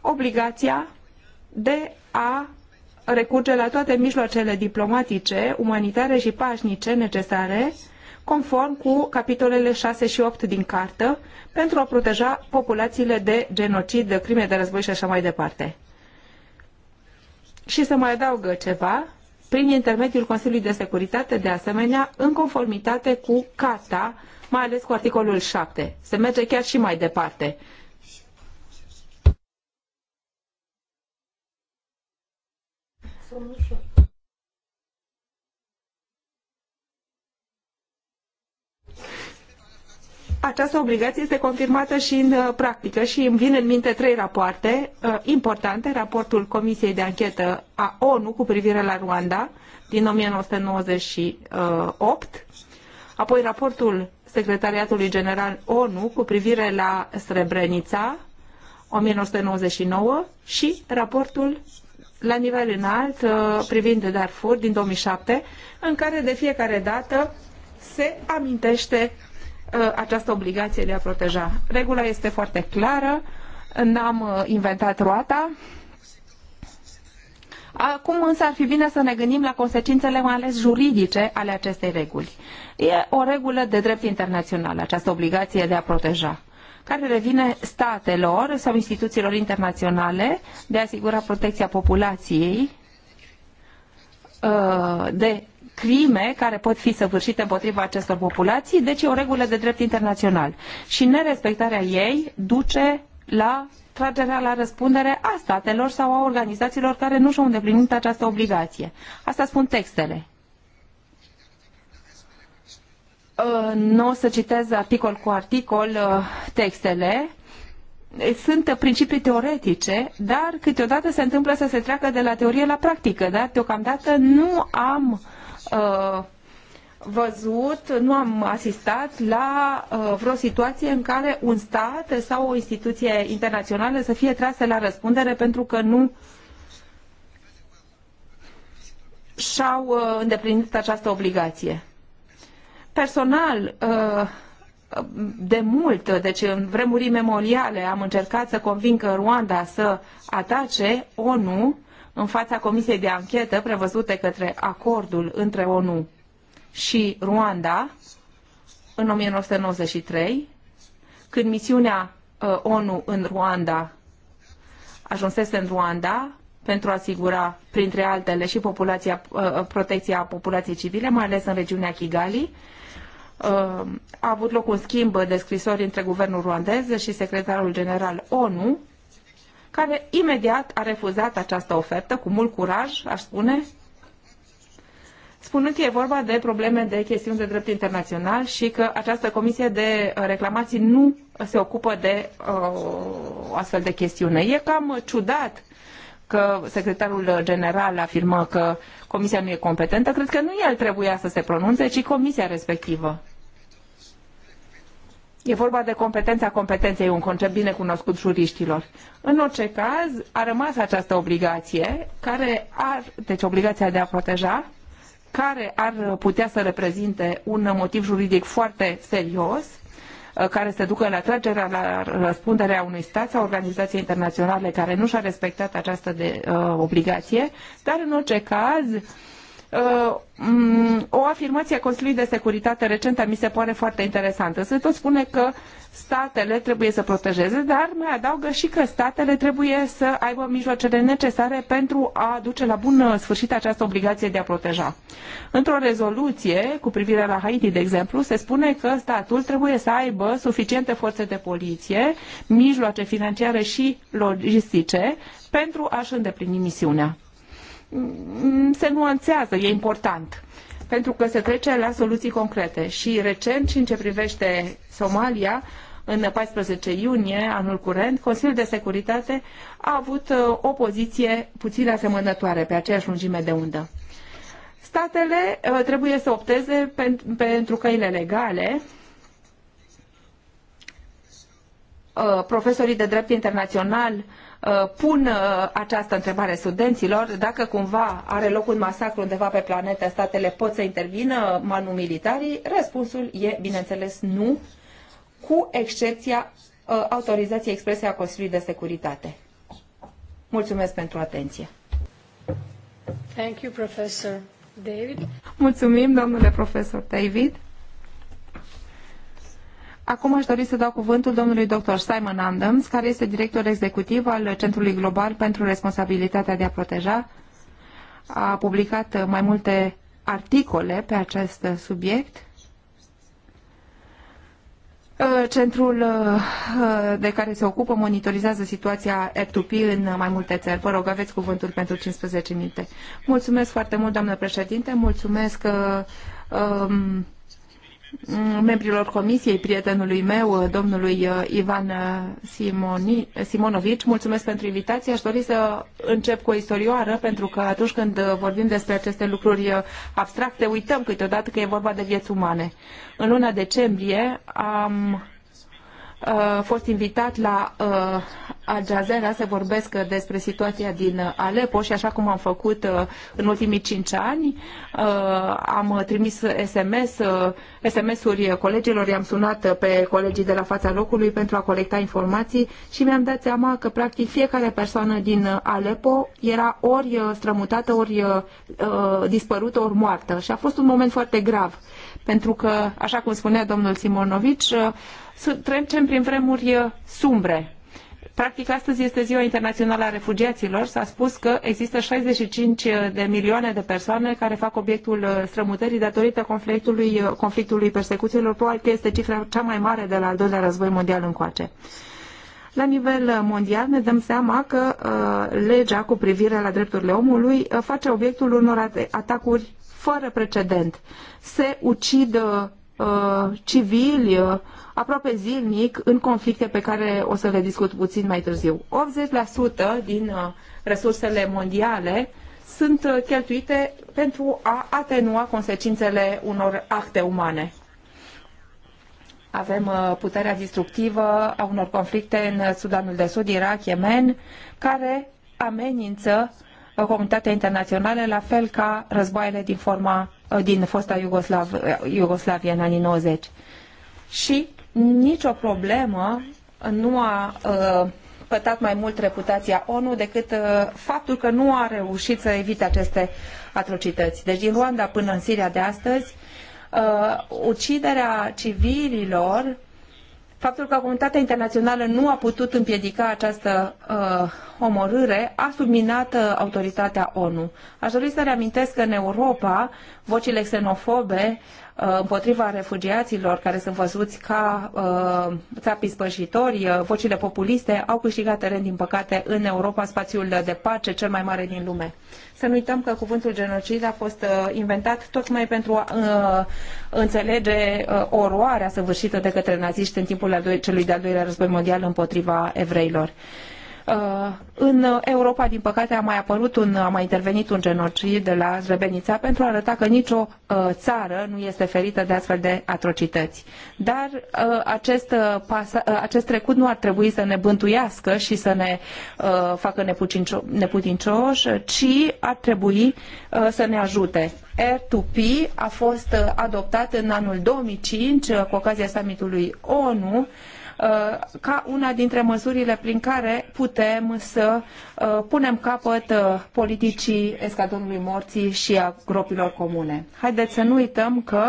obligația de a recurge la toate mijloacele diplomatice, umanitare și pașnice necesare, conform cu capitolele 6 și 8 din cartă, pentru a proteja populațiile de genocid, de crime de război și așa mai departe. Și se mai adaugă ceva, prin intermediul Consiliului de Securitate, de asemenea, în conformitate cu CATA, mai ales cu articolul 7. Se merge chiar și mai departe. această obligație este confirmată și în uh, practică și îmi vin în minte trei rapoarte uh, importante. Raportul Comisiei de Anchetă a ONU cu privire la Rwanda din 1998, apoi raportul Secretariatului General ONU cu privire la Srebrenica 1999 și raportul la nivel înalt uh, privind Darfur din 2007, în care de fiecare dată se amintește Uh, această obligație de a proteja. Regula este foarte clară, n-am uh, inventat roata. Acum însă ar fi bine să ne gândim la consecințele mai ales juridice ale acestei reguli. E o regulă de drept internațional, această obligație de a proteja care revine statelor sau instituțiilor internaționale de a asigura protecția populației uh, de crime care pot fi săvârșite împotriva acestor populații, deci e o regulă de drept internațional. Și nerespectarea ei duce la tragerea la răspundere a statelor sau a organizațiilor care nu și-au îndeplinit această obligație. Asta spun textele. Uh, nu o să citez articol cu articol uh, textele, sunt principii teoretice, dar câteodată se întâmplă să se treacă de la teorie la practică, dar deocamdată nu am uh, Uh, văzut, nu am asistat la uh, vreo situație în care un stat sau o instituție internațională să fie trase la răspundere pentru că nu și-au uh, îndeplinit această obligație. Personal, uh, de mult, deci în vremuri memoriale, am încercat să convincă Rwanda să atace ONU în fața comisiei de anchetă prevăzute către acordul între ONU și Rwanda în 1993, când misiunea uh, ONU în Rwanda ajunsese în Rwanda pentru a asigura, printre altele, și populația, uh, protecția populației civile, mai ales în regiunea Kigali. Uh, a avut loc un schimb de scrisori între guvernul ruandez și secretarul general ONU care imediat a refuzat această ofertă cu mult curaj, aș spune, spunând că e vorba de probleme de chestiuni de drept internațional și că această comisie de uh, reclamații nu se ocupă de uh, o astfel de chestiune. E cam ciudat că secretarul general afirmă că comisia nu e competentă. Cred că nu el trebuia să se pronunțe, ci comisia respectivă. E vorba de competența competenței, un concept bine cunoscut juriștilor. În orice caz, a rămas această obligație, care ar, deci obligația de a proteja, care ar putea să reprezinte un motiv juridic foarte serios, uh, care se ducă la tragerea la răspunderea unui stat sau organizației internaționale care nu și-a respectat această de, uh, obligație, dar în orice caz uh, Uh, mm, o afirmație a Consiliului de Securitate recentă mi se pare foarte interesantă. Se tot spune că statele trebuie să protejeze, dar mai adaugă și că statele trebuie să aibă mijloacele necesare pentru a duce la bun sfârșit această obligație de a proteja. Într-o rezoluție cu privire la Haiti, de exemplu, se spune că statul trebuie să aibă suficiente forțe de poliție, mijloace financiare și logistice pentru a-și îndeplini misiunea. Mm, se nuanțează, e important pentru că se trece la soluții concrete. Și recent, și în ce privește Somalia, în 14 iunie, anul curent, Consiliul de Securitate a avut uh, o poziție puțin asemănătoare, pe aceeași lungime de undă. Statele uh, trebuie să opteze pentru căile legale. Uh, profesorii de drept internațional Uh, pun uh, această întrebare studenților, dacă cumva are loc un masacru undeva pe planetă, statele pot să intervină, manu militarii? Răspunsul e, bineînțeles, nu, cu excepția uh, autorizației exprese a Consiliului de Securitate. Mulțumesc pentru atenție. Thank you, Professor David. Mulțumim, domnule profesor David. Acum aș dori să dau cuvântul domnului dr. Simon Andams, care este director executiv al Centrului Global pentru Responsabilitatea de a Proteja. A publicat mai multe articole pe acest subiect. Centrul uh, de care se ocupă monitorizează situația F2P în mai multe țări. Vă rog, aveți cuvântul pentru 15 minute. Mulțumesc foarte mult, doamnă președinte. Mulțumesc uh, um, Mm, membrilor comisiei, prietenului meu, domnului uh, Ivan uh, Simoni, Simonovici. Mulțumesc pentru invitație. Aș dori să încep cu o istorioară, pentru că atunci când uh, vorbim despre aceste lucruri abstracte, uităm câteodată că e vorba de vieți umane. În luna decembrie am fost invitat la al Jazeera se vorbesc despre situația din Alepo și așa cum am făcut uh, în ultimii cinci ani, uh, am trimis SMS, SMS-uri uh, colegilor, i-am sunat pe colegii de la fața locului pentru a colecta informații și mi-am dat seama că practic fiecare persoană din Alepo era ori strămutată, ori dispărută, ori moartă și a fost un moment foarte grav pentru că, așa cum spunea domnul Simonovici, trecem prin vremuri sumbre Practic, astăzi este Ziua Internațională a Refugiaților. S-a spus că există 65 de milioane de persoane care fac obiectul uh, strămutării datorită conflictului, uh, conflictului persecuțiilor. Probabil că este cifra cea mai mare de la al doilea război mondial încoace. La nivel uh, mondial ne dăm seama că uh, legea cu privire la drepturile omului uh, face obiectul unor atacuri fără precedent. Se ucid uh, civili, aproape zilnic în conflicte pe care o să le discut puțin mai târziu. 80% din uh, resursele mondiale sunt uh, cheltuite pentru a atenua consecințele unor acte umane. Avem uh, puterea distructivă a unor conflicte în Sudanul de Sud, Irak, Yemen, care amenință comunitatea internațională, la fel ca războaiele din, forma, din fosta Iugoslav, Iugoslavie în anii 90. Și nicio problemă nu a uh, pătat mai mult reputația ONU decât uh, faptul că nu a reușit să evite aceste atrocități. Deci din Rwanda până în Siria de astăzi, uh, uciderea civililor, faptul că comunitatea internațională nu a putut împiedica această uh, omorâre, a subminat uh, autoritatea ONU. Aș dori să reamintesc că în Europa vocile xenofobe Uh, împotriva refugiaților care sunt văzuți ca uh, țapi spășitori, uh, vocile populiste au câștigat teren, din păcate, în Europa, spațiul de pace cel mai mare din lume. Să nu uităm că cuvântul genocid a fost inventat tocmai pentru a înțelege oroarea săvârșită de către naziști în timpul celui de-al doilea război mondial împotriva evreilor. Uh, în Europa, din păcate, a mai apărut un, a mai intervenit un genocid de la Srebrenica pentru a arăta că nicio uh, țară nu este ferită de astfel de atrocități. Dar uh, acest, acest trecut nu ar trebui să ne bântuiască și să ne facă neputincioși ci ar trebui să ne ajute. R2P a fost adoptat în anul 2005 cu ocazia summitului ONU Uh, ca una dintre măsurile prin care putem să uh, punem capăt uh, politicii escadronului morții și a gropilor comune. Haideți să nu uităm că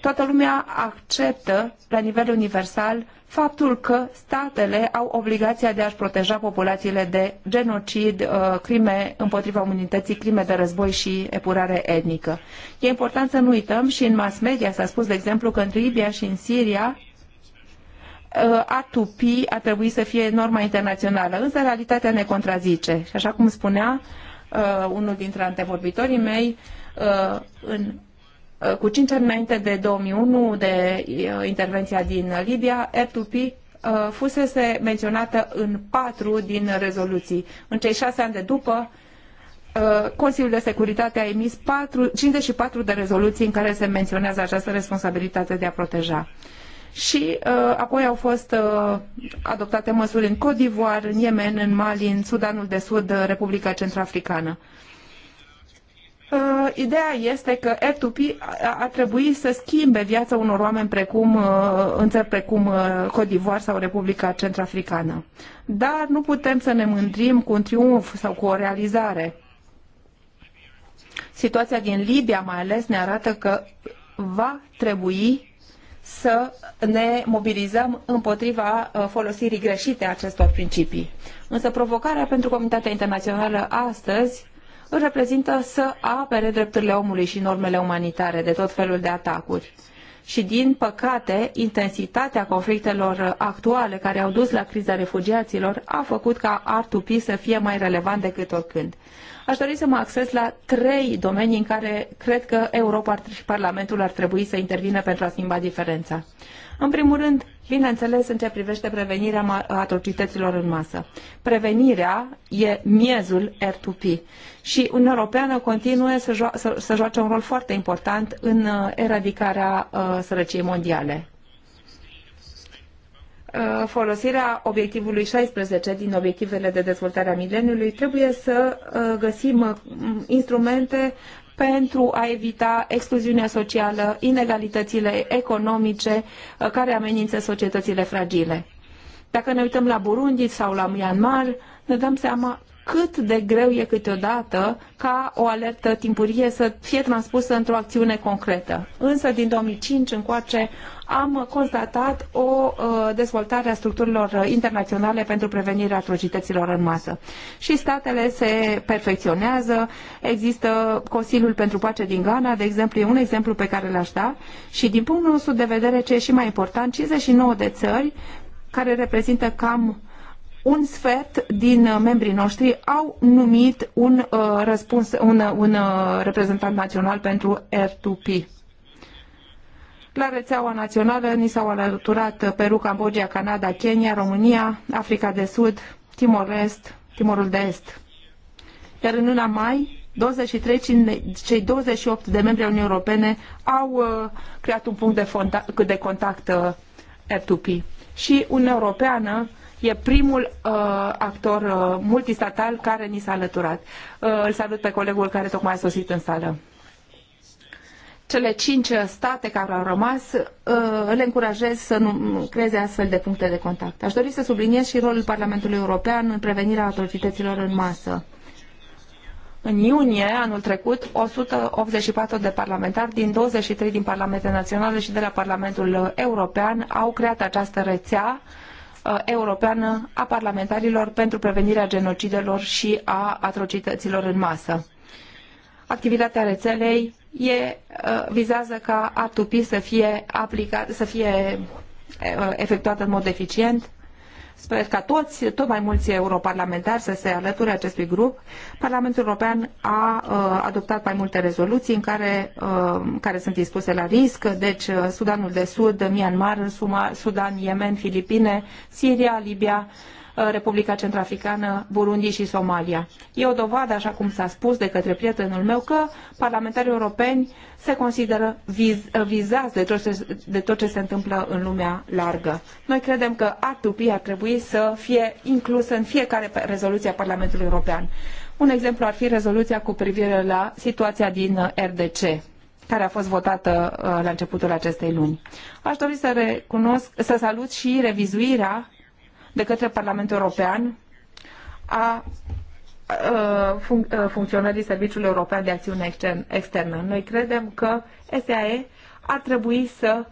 toată lumea acceptă la nivel universal faptul că statele au obligația de a-și proteja populațiile de genocid, crime împotriva umanității, crime de război și epurare etnică. E important să nu uităm și în mass media s-a spus, de exemplu, că în Libia și în Siria Uh, A2P ar trebui să fie norma internațională, însă realitatea ne contrazice. Și așa cum spunea uh, unul dintre antevorbitorii mei, uh, în cu cinci ani înainte de 2001, de intervenția din Libia, R2P fusese menționată în patru din rezoluții. În cei șase ani de după, Consiliul de Securitate a emis 4, 54 de rezoluții în care se menționează această responsabilitate de a proteja și uh, apoi au fost uh, adoptate măsuri în Côte d'Ivoire, în Yemen, în Mali, în Sudanul de Sud, uh, Republica Centrafricană. Uh, ideea este că R2P a, trebuit să schimbe viața unor oameni precum, uh, în țări precum uh, d'Ivoire sau Republica Centrafricană. Dar nu putem să ne mândrim cu un triumf sau cu o realizare. Situația din Libia mai ales ne arată că va trebui să ne mobilizăm împotriva uh, folosirii greșite a acestor principii. Însă provocarea pentru comunitatea internațională astăzi îl reprezintă să apere drepturile omului și normele umanitare de tot felul de atacuri și, din păcate, intensitatea conflictelor actuale care au dus la criza refugiaților a făcut ca R2P să fie mai relevant decât oricând. Aș dori să mă acces la trei domenii în care cred că Europa și Parlamentul ar trebui să intervină pentru a schimba diferența. În primul rând, bineînțeles în ce privește prevenirea atrocităților în masă. Prevenirea e miezul R2P și Uniunea Europeană continuă să, jo- să, să joace un rol foarte important în uh, eradicarea uh, sărăciei mondiale uh, folosirea obiectivului 16 din obiectivele de dezvoltare a mileniului, trebuie să uh, găsim instrumente pentru a evita excluziunea socială, inegalitățile economice uh, care amenință societățile fragile. Dacă ne uităm la Burundi sau la Myanmar, ne dăm seama cât de greu e câteodată ca o alertă timpurie să fie transpusă într-o acțiune concretă. Însă din 2005 încoace am constatat o uh, dezvoltare a structurilor internaționale pentru prevenirea atrocităților în masă. Și statele se perfecționează, există Consiliul pentru Pace din Ghana, de exemplu, e un exemplu pe care l-aș da și din punctul nostru de vedere ce e și mai important, 59 de țări care reprezintă cam un sfert din membrii noștri au numit un, uh, răspuns, un, un uh, reprezentant național pentru R2P. La rețeaua națională ni s-au alăturat Peru, Cambodgia, Canada, Kenya, România, Africa de Sud, Timor-Est, Timorul de Est. Iar în luna mai, 23, cei 28 de membri ai Uniunii Europene au uh, creat un punct de, fonta, de contact R2P. Uh, și Uniunea Europeană e primul uh, actor uh, multistatal care ni s-a alăturat. Uh, îl salut pe colegul care tocmai a sosit în sală cele cinci state care au rămas, uh, le încurajez să nu creeze astfel de puncte de contact. Aș dori să subliniez și rolul Parlamentului European în prevenirea atrocităților în masă. În iunie anul trecut, 184 de parlamentari din 23 din parlamente naționale și de la Parlamentul European au creat această rețea uh, europeană a parlamentarilor pentru prevenirea genocidelor și a atrocităților în masă. Activitatea rețelei e, uh, vizează ca APTUPI să fie, aplicat, să fie uh, efectuată în mod eficient. Sper ca toți, tot mai mulți europarlamentari să se alăture acestui grup. Parlamentul European a uh, adoptat mai multe rezoluții în care, care sunt dispuse la risc, deci Sudanul de Sud, Myanmar, Sudan, Yemen, Filipine, Siria, Libia, Uh, Republica Centrafricană, Burundi și Somalia. E o dovadă, așa cum s-a spus de către prietenul meu, că parlamentarii europeni se consideră viz, uh, vizați de tot, ce, de tot ce se întâmplă în lumea largă. Noi credem că r 2 ar trebui să fie inclusă în fiecare rezoluție a Parlamentului European. Un exemplu ar fi rezoluția cu privire la situația din uh, RDC care a fost votată la începutul acestei luni. Aș dori să recunosc, să salut și revizuirea de către Parlamentul European a funcționării Serviciului European de Acțiune Externă. Noi credem că SAE ar trebui să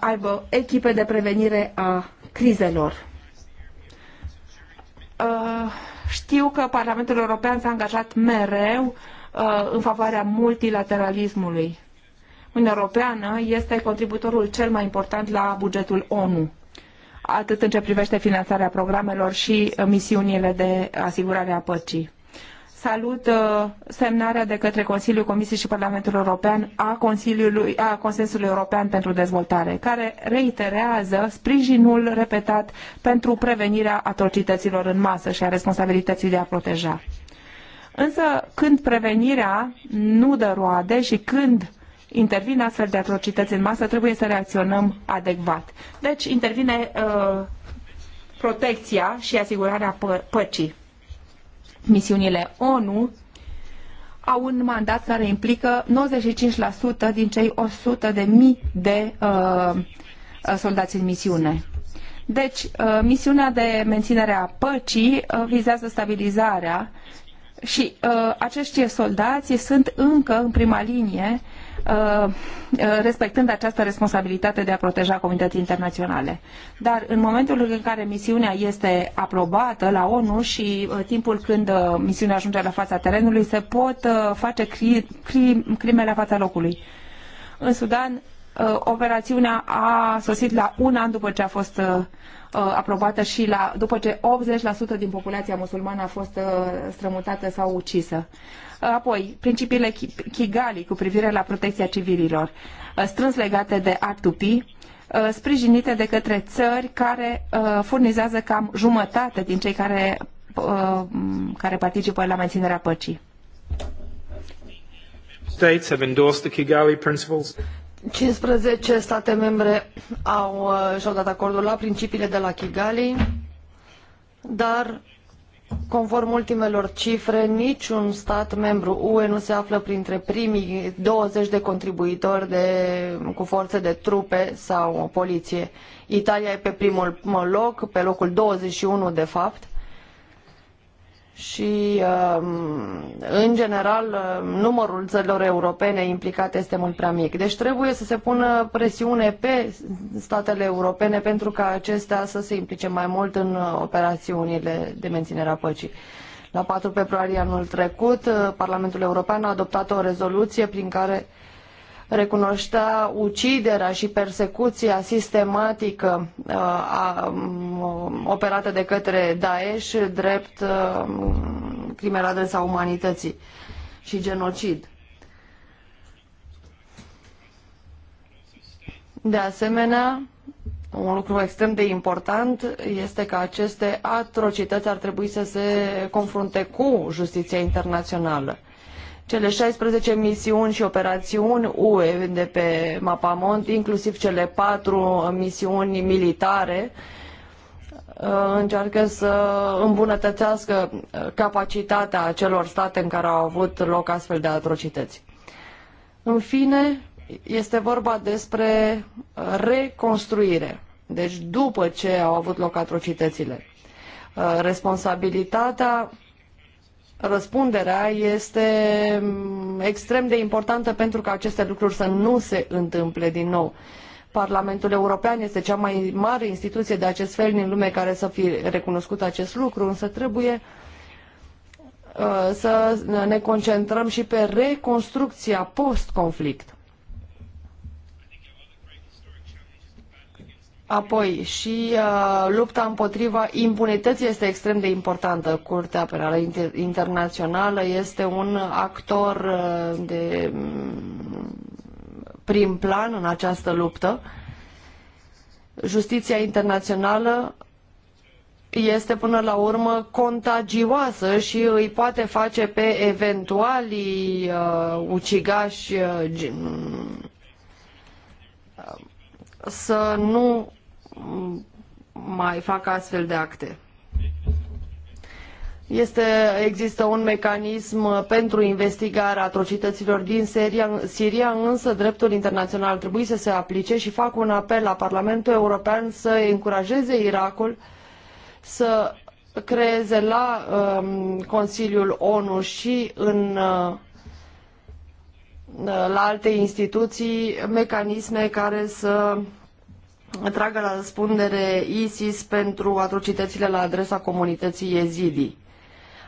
aibă echipe de prevenire a crizelor. știu că Parlamentul European s-a angajat mereu în favoarea multilateralismului. Uniunea Europeană este contributorul cel mai important la bugetul ONU atât în ce privește finanțarea programelor și uh, misiunile de asigurare a păcii. Salut uh, semnarea de către Consiliul Comisiei și Parlamentul European a, Consiliului, a Consensului European pentru Dezvoltare, care reiterează sprijinul repetat pentru prevenirea atrocităților în masă și a responsabilității de a proteja. Însă când prevenirea nu dă roade și când intervin astfel de atrocități în masă, trebuie să reacționăm adecvat. Deci intervine uh, protecția și asigurarea pă păcii. Misiunile ONU au un mandat care implică 95% din cei 100 de mii de uh, soldați în misiune. Deci, uh, misiunea de menținere a păcii uh, vizează stabilizarea și uh, acești soldați sunt încă în prima linie Uh, uh, respectând această responsabilitate de a proteja comunității internaționale. Dar în momentul în care misiunea este aprobată la ONU și uh, timpul când misiunea ajunge la fața terenului, se pot face cri, cri, crime la fața locului. În Sudan, operațiunea a sosit la un an după ce a fost Uh, aprobată și la, după ce 80% din populația musulmană a fost uh, strămutată sau ucisă. Uh, apoi, principiile Kigali cu privire la protecția civililor, strâns legate de Actupi, sprijinite de către țări care furnizează cam jumătate din cei care, care participă la menținerea păcii. States have endorsed the Kigali principles. 15 state membre au, uh, au dat acordul la principiile de la Kigali, dar Conform ultimelor cifre, niciun stat membru UE nu se află printre primii 20 de contribuitori de, cu forțe de trupe sau poliție. Italia e pe primul loc, pe locul 21 de fapt, și, um, în general, numărul țărilor europene implicate este mult prea mic. Deci trebuie să se pună presiune pe statele europene pentru ca acestea să se implice mai mult în operațiunile de menținere a păcii. La 4 februarie anul trecut, Parlamentul European a adoptat o rezoluție prin care uh, recunoștea uciderea și persecuția sistematică uh, a, um, operată de către Daesh drept uh, crime la adresa umanității și genocid. De asemenea, un lucru extrem de important este că aceste atrocități ar trebui să se confrunte cu justiția internațională cele 16 misiuni și operațiuni UE de pe Mapamont, inclusiv cele patru misiuni militare, uh, încearcă să îmbunătățească uh, capacitatea celor state în care au avut loc astfel de atrocități. În fine, este vorba despre reconstruire. Deci după ce au avut loc atrocitățile. Uh, responsabilitatea Răspunderea este extrem de importantă pentru ca aceste lucruri să nu se întâmple din nou. Parlamentul European este cea mai mare instituție de acest fel din lume care să fie recunoscut acest lucru, însă trebuie uh, să ne concentrăm și pe reconstrucția post-conflict. Apoi, și uh, lupta împotriva impunității este extrem de importantă. Curtea Penală inter- Internațională este un actor uh, de mm, prim plan în această luptă. Justiția internațională este până la urmă contagioasă și îi poate face pe eventualii uh, ucigași uh, mm, să nu mai facă astfel de acte. Este, există un mecanism pentru investigarea atrocităților din Siria, Siria, însă dreptul internațional trebuie să se aplice și fac un apel la Parlamentul European să încurajeze Irakul să creeze la um, Consiliul ONU și în, uh, la alte instituții mecanisme care să tragă la răspundere ISIS pentru atrocitățile la adresa comunității Yezidi.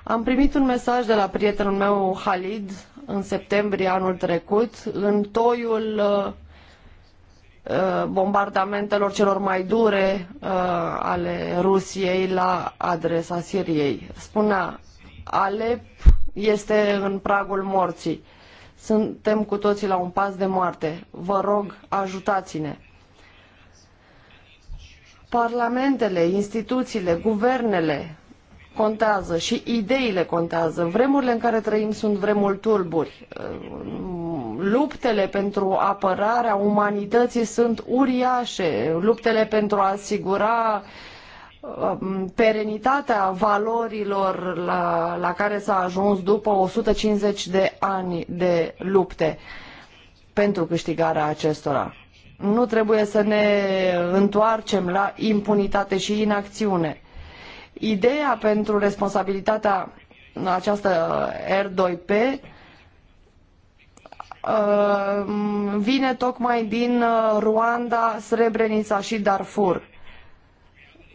Am primit un mesaj de la prietenul meu Halid în septembrie anul trecut, în toiul uh, uh, bombardamentelor celor mai dure uh, ale Rusiei la adresa Siriei. Spunea, Alep este în pragul morții. Suntem cu toții la un pas de moarte. Vă rog, ajutați-ne. Parlamentele, instituțiile, guvernele contează și ideile contează. Vremurile în care trăim sunt vremuri tulburi. Luptele pentru apărarea umanității sunt uriașe. Luptele pentru a asigura um, perenitatea valorilor la, la care s-a ajuns după 150 de ani de lupte pentru câștigarea acestora nu trebuie să ne întoarcem la impunitate și inacțiune. Ideea pentru responsabilitatea această R2P uh, vine tocmai din uh, Ruanda, Srebrenica și Darfur.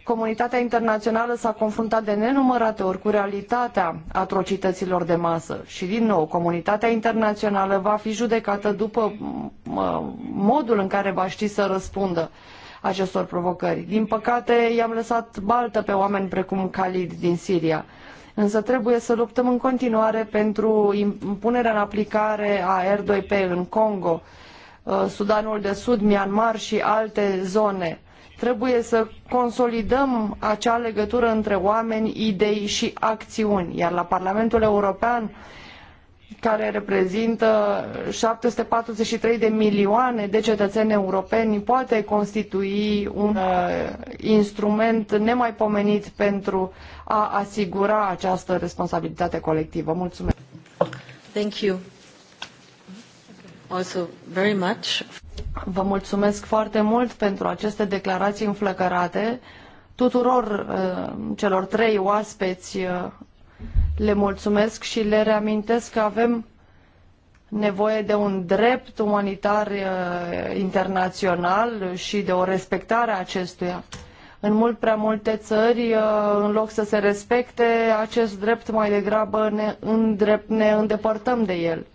Comunitatea internațională s-a confruntat de nenumărate ori cu realitatea atrocităților de masă și, din nou, comunitatea internațională va fi judecată după modul în care va ști să răspundă acestor provocări. Din păcate, i-am lăsat baltă pe oameni precum Khalid din Siria. Însă trebuie să luptăm în continuare pentru punerea în aplicare a R2P în Congo, uh, Sudanul de Sud, Myanmar și alte zone Trebuie să consolidăm acea legătură între oameni, idei și acțiuni. Iar la Parlamentul European, care reprezintă 743 de milioane de cetățeni europeni, poate constitui un uh, instrument nemaipomenit pentru a asigura această responsabilitate colectivă. Mulțumesc! Thank you also very much. Vă mulțumesc foarte mult pentru aceste declarații înflăcărate. Tuturor uh, celor trei oaspeți uh, le mulțumesc și le reamintesc că avem nevoie de un drept umanitar uh, internațional și de o respectare a acestuia. În mult prea multe țări, uh, în loc să se respecte acest drept, mai degrabă ne, îndrept, ne îndepărtăm de el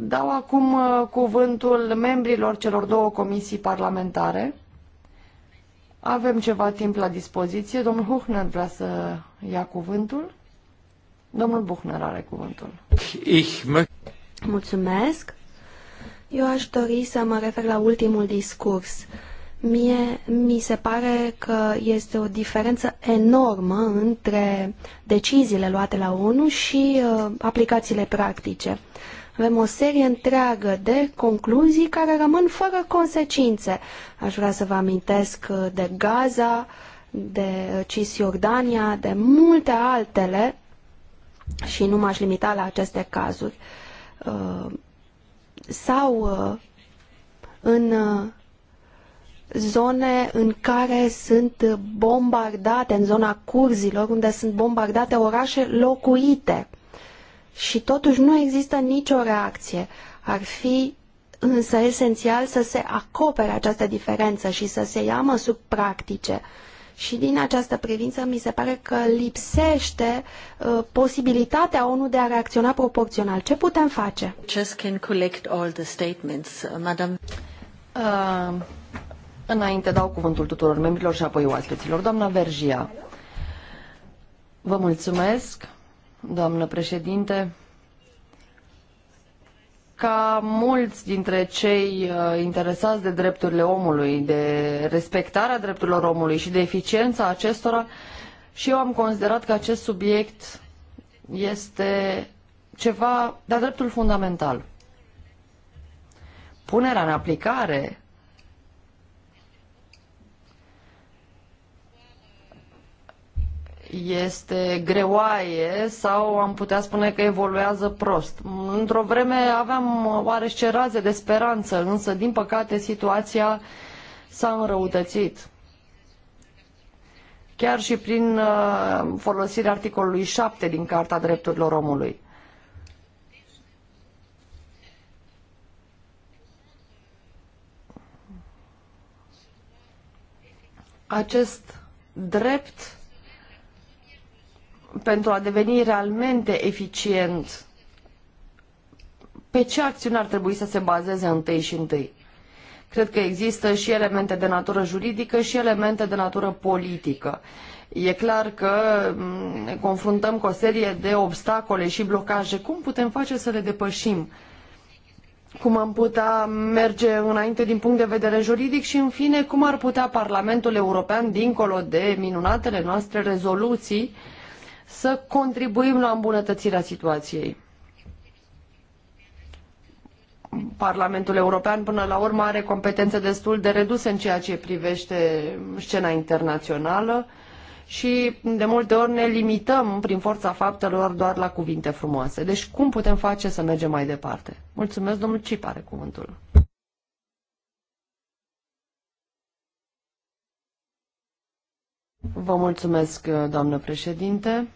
Dau acum uh, cuvântul membrilor celor două comisii parlamentare. Avem ceva timp la dispoziție. Domnul Huchner vrea să ia cuvântul. Domnul Buchner are cuvântul. Ich Mulțumesc. Eu aș dori să mă refer la ultimul discurs. Mie mi se pare că este o diferență enormă între deciziile luate la ONU și uh, aplicațiile practice. Uh, avem o serie întreagă de concluzii care rămân fără consecințe. Aș vrea să vă amintesc uh, de Gaza, de uh, Cisjordania, de multe altele și nu m-aș limita la aceste cazuri. Uh, sau în zone în care sunt bombardate, în zona curzilor, unde sunt bombardate orașe locuite și totuși nu există nicio reacție. Ar fi însă esențial să se acopere această diferență și să se ia măsuri practice. Și din această privință mi se pare că lipsește uh, posibilitatea ONU de a reacționa proporțional. Ce putem face? Just can collect all the statements, uh, madam. Uh, înainte dau cuvântul tuturor membrilor și apoi oaspeților. Doamna Vergia, vă mulțumesc doamnă președinte. Ca mulți dintre cei uh, interesați de drepturile omului, de respectarea drepturilor omului și de eficiența acestora, și eu am considerat că acest subiect este ceva de-a dreptul fundamental. Punerea în aplicare este greoaie sau am putea spune că evoluează prost. Într-o vreme aveam oarește raze de speranță, însă din păcate situația s-a înrăutățit. Chiar și prin uh, folosirea articolului 7 din Carta Drepturilor Omului. Acest drept pentru a deveni realmente eficient, pe ce acțiune ar trebui să se bazeze întâi și întâi? Cred că există și elemente de natură juridică și elemente de natură politică. E clar că ne confruntăm cu o serie de obstacole și blocaje. Cum putem face să le depășim? cum am putea merge înainte din punct de vedere juridic și, în fine, cum ar putea Parlamentul European, dincolo de minunatele noastre rezoluții, să contribuim la îmbunătățirea situației. Parlamentul European până la urmă are competențe destul de reduse în ceea ce privește scena internațională și de multe ori ne limităm prin forța faptelor doar la cuvinte frumoase. Deci cum putem face să mergem mai departe? Mulțumesc, domnul Cip are cuvântul. Vă mulțumesc, doamnă președinte.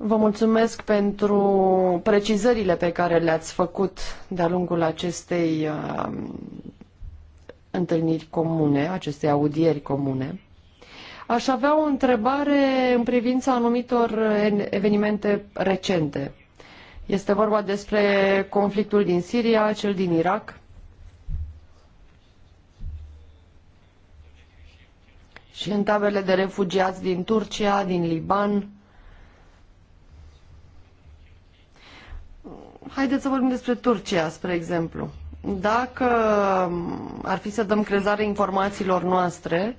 Vă mulțumesc pentru precizările pe care le-ați făcut de-a lungul acestei uh, întâlniri comune, acestei audieri comune. Aș avea o întrebare în privința anumitor evenimente recente. Este vorba despre conflictul din Siria, cel din Irak. Și în taberele de refugiați din Turcia, din Liban, Haideți să vorbim despre Turcia, spre exemplu. Dacă ar fi să dăm crezare informațiilor noastre,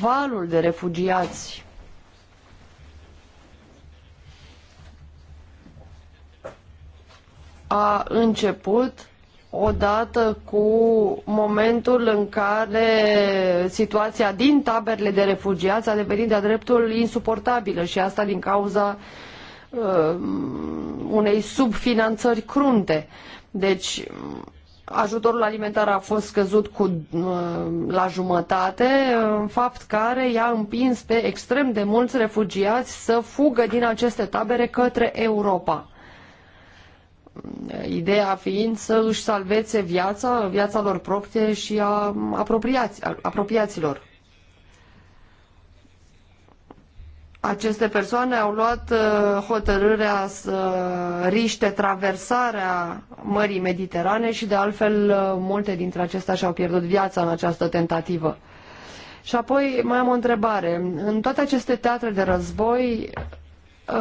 valul de refugiați a început odată cu momentul în care situația din taberele de refugiați a devenit de-a dreptul insuportabilă și asta din cauza uh, Uh, unei subfinanțări crunte. Deci ajutorul alimentar a fost scăzut cu, uh, la jumătate, în fapt care i-a împins pe extrem de mulți refugiați să fugă din aceste tabere către Europa. Ideea fiind să își salveze viața, viața lor proprie și a apropiaților. aceste persoane au luat uh, hotărârea să riște traversarea Mării Mediterane și de altfel uh, multe dintre acestea și-au pierdut viața în această tentativă. Și apoi mai am o întrebare. În toate aceste teatre de război uh,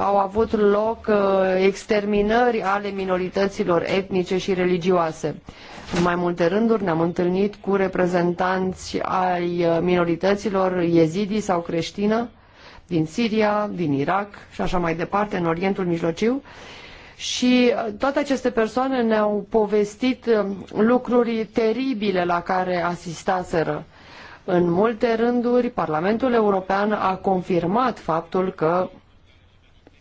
au avut loc exterminări ale minorităților etnice și religioase. În mai multe rânduri ne-am întâlnit cu reprezentanți ai minorităților iezidii sau creștină din Siria, din Irak și așa mai departe, în Orientul Mijlociu. Și uh, toate aceste persoane ne-au povestit uh, lucruri teribile la care asistaseră. În multe rânduri, Parlamentul European a confirmat faptul că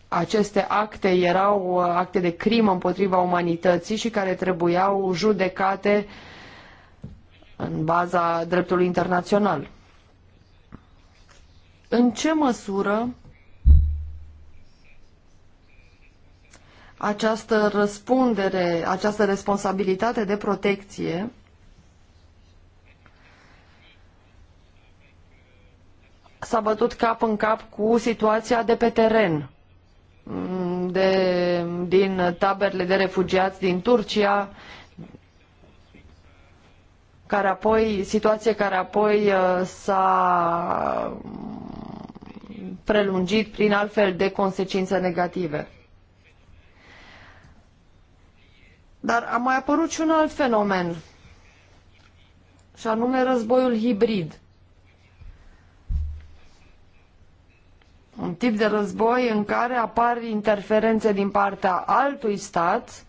aceste acte erau uh, acte de crimă împotriva umanității și care trebuiau judecate în baza dreptului internațional în ce măsură această răspundere, această responsabilitate de protecție s-a bătut cap în cap cu situația de pe teren de, din taberele de refugiați din Turcia, care apoi, situație care apoi uh, s-a prelungit prin altfel de consecințe negative. Dar a mai apărut și un alt fenomen, și anume războiul hibrid. Un tip de război în care apar interferențe din partea altui stat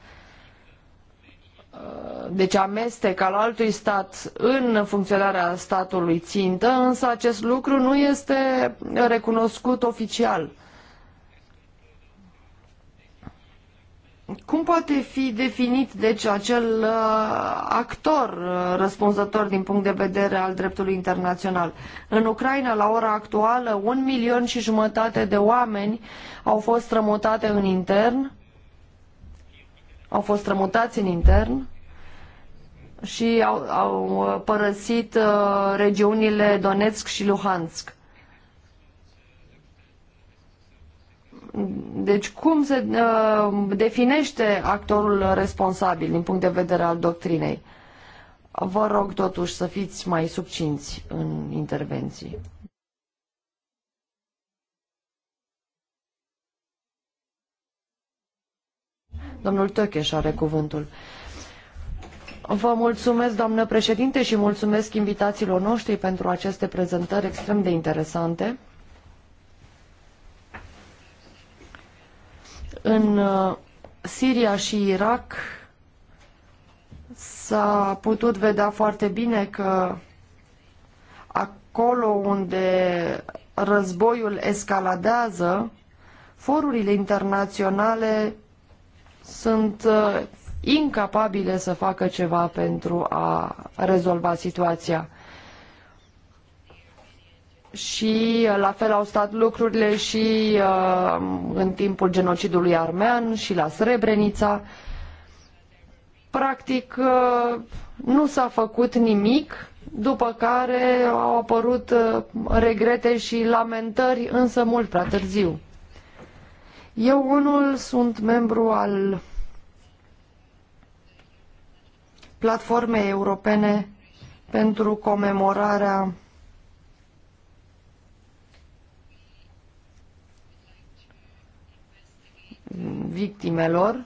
deci amestec al altui stat în funcționarea statului țintă, însă acest lucru nu este recunoscut oficial. Cum poate fi definit, deci, acel uh, actor uh, răspunzător din punct de vedere al dreptului internațional? În Ucraina, la ora actuală, un milion și jumătate de oameni au fost strămutate în intern, au fost strămutați în intern și au, au uh, părăsit uh, regiunile Donetsk și Luhansk. Deci cum se uh, definește actorul responsabil din punct de vedere al doctrinei? Vă rog totuși să fiți mai subcinți în intervenții. Domnul Tăcheș are cuvântul. Vă mulțumesc, doamnă președinte, și mulțumesc invitațiilor noștri pentru aceste prezentări extrem de interesante. În uh, Siria și Irak s-a putut vedea foarte bine că acolo unde războiul escaladează, forurile internaționale sunt uh, incapabile să facă ceva pentru a rezolva situația. Și uh, la fel au stat lucrurile și uh, în timpul genocidului armean și la Srebrenica. Practic uh, nu s-a făcut nimic, după care au apărut uh, regrete și lamentări, însă mult prea târziu. Eu unul sunt membru al platformei europene pentru comemorarea victimelor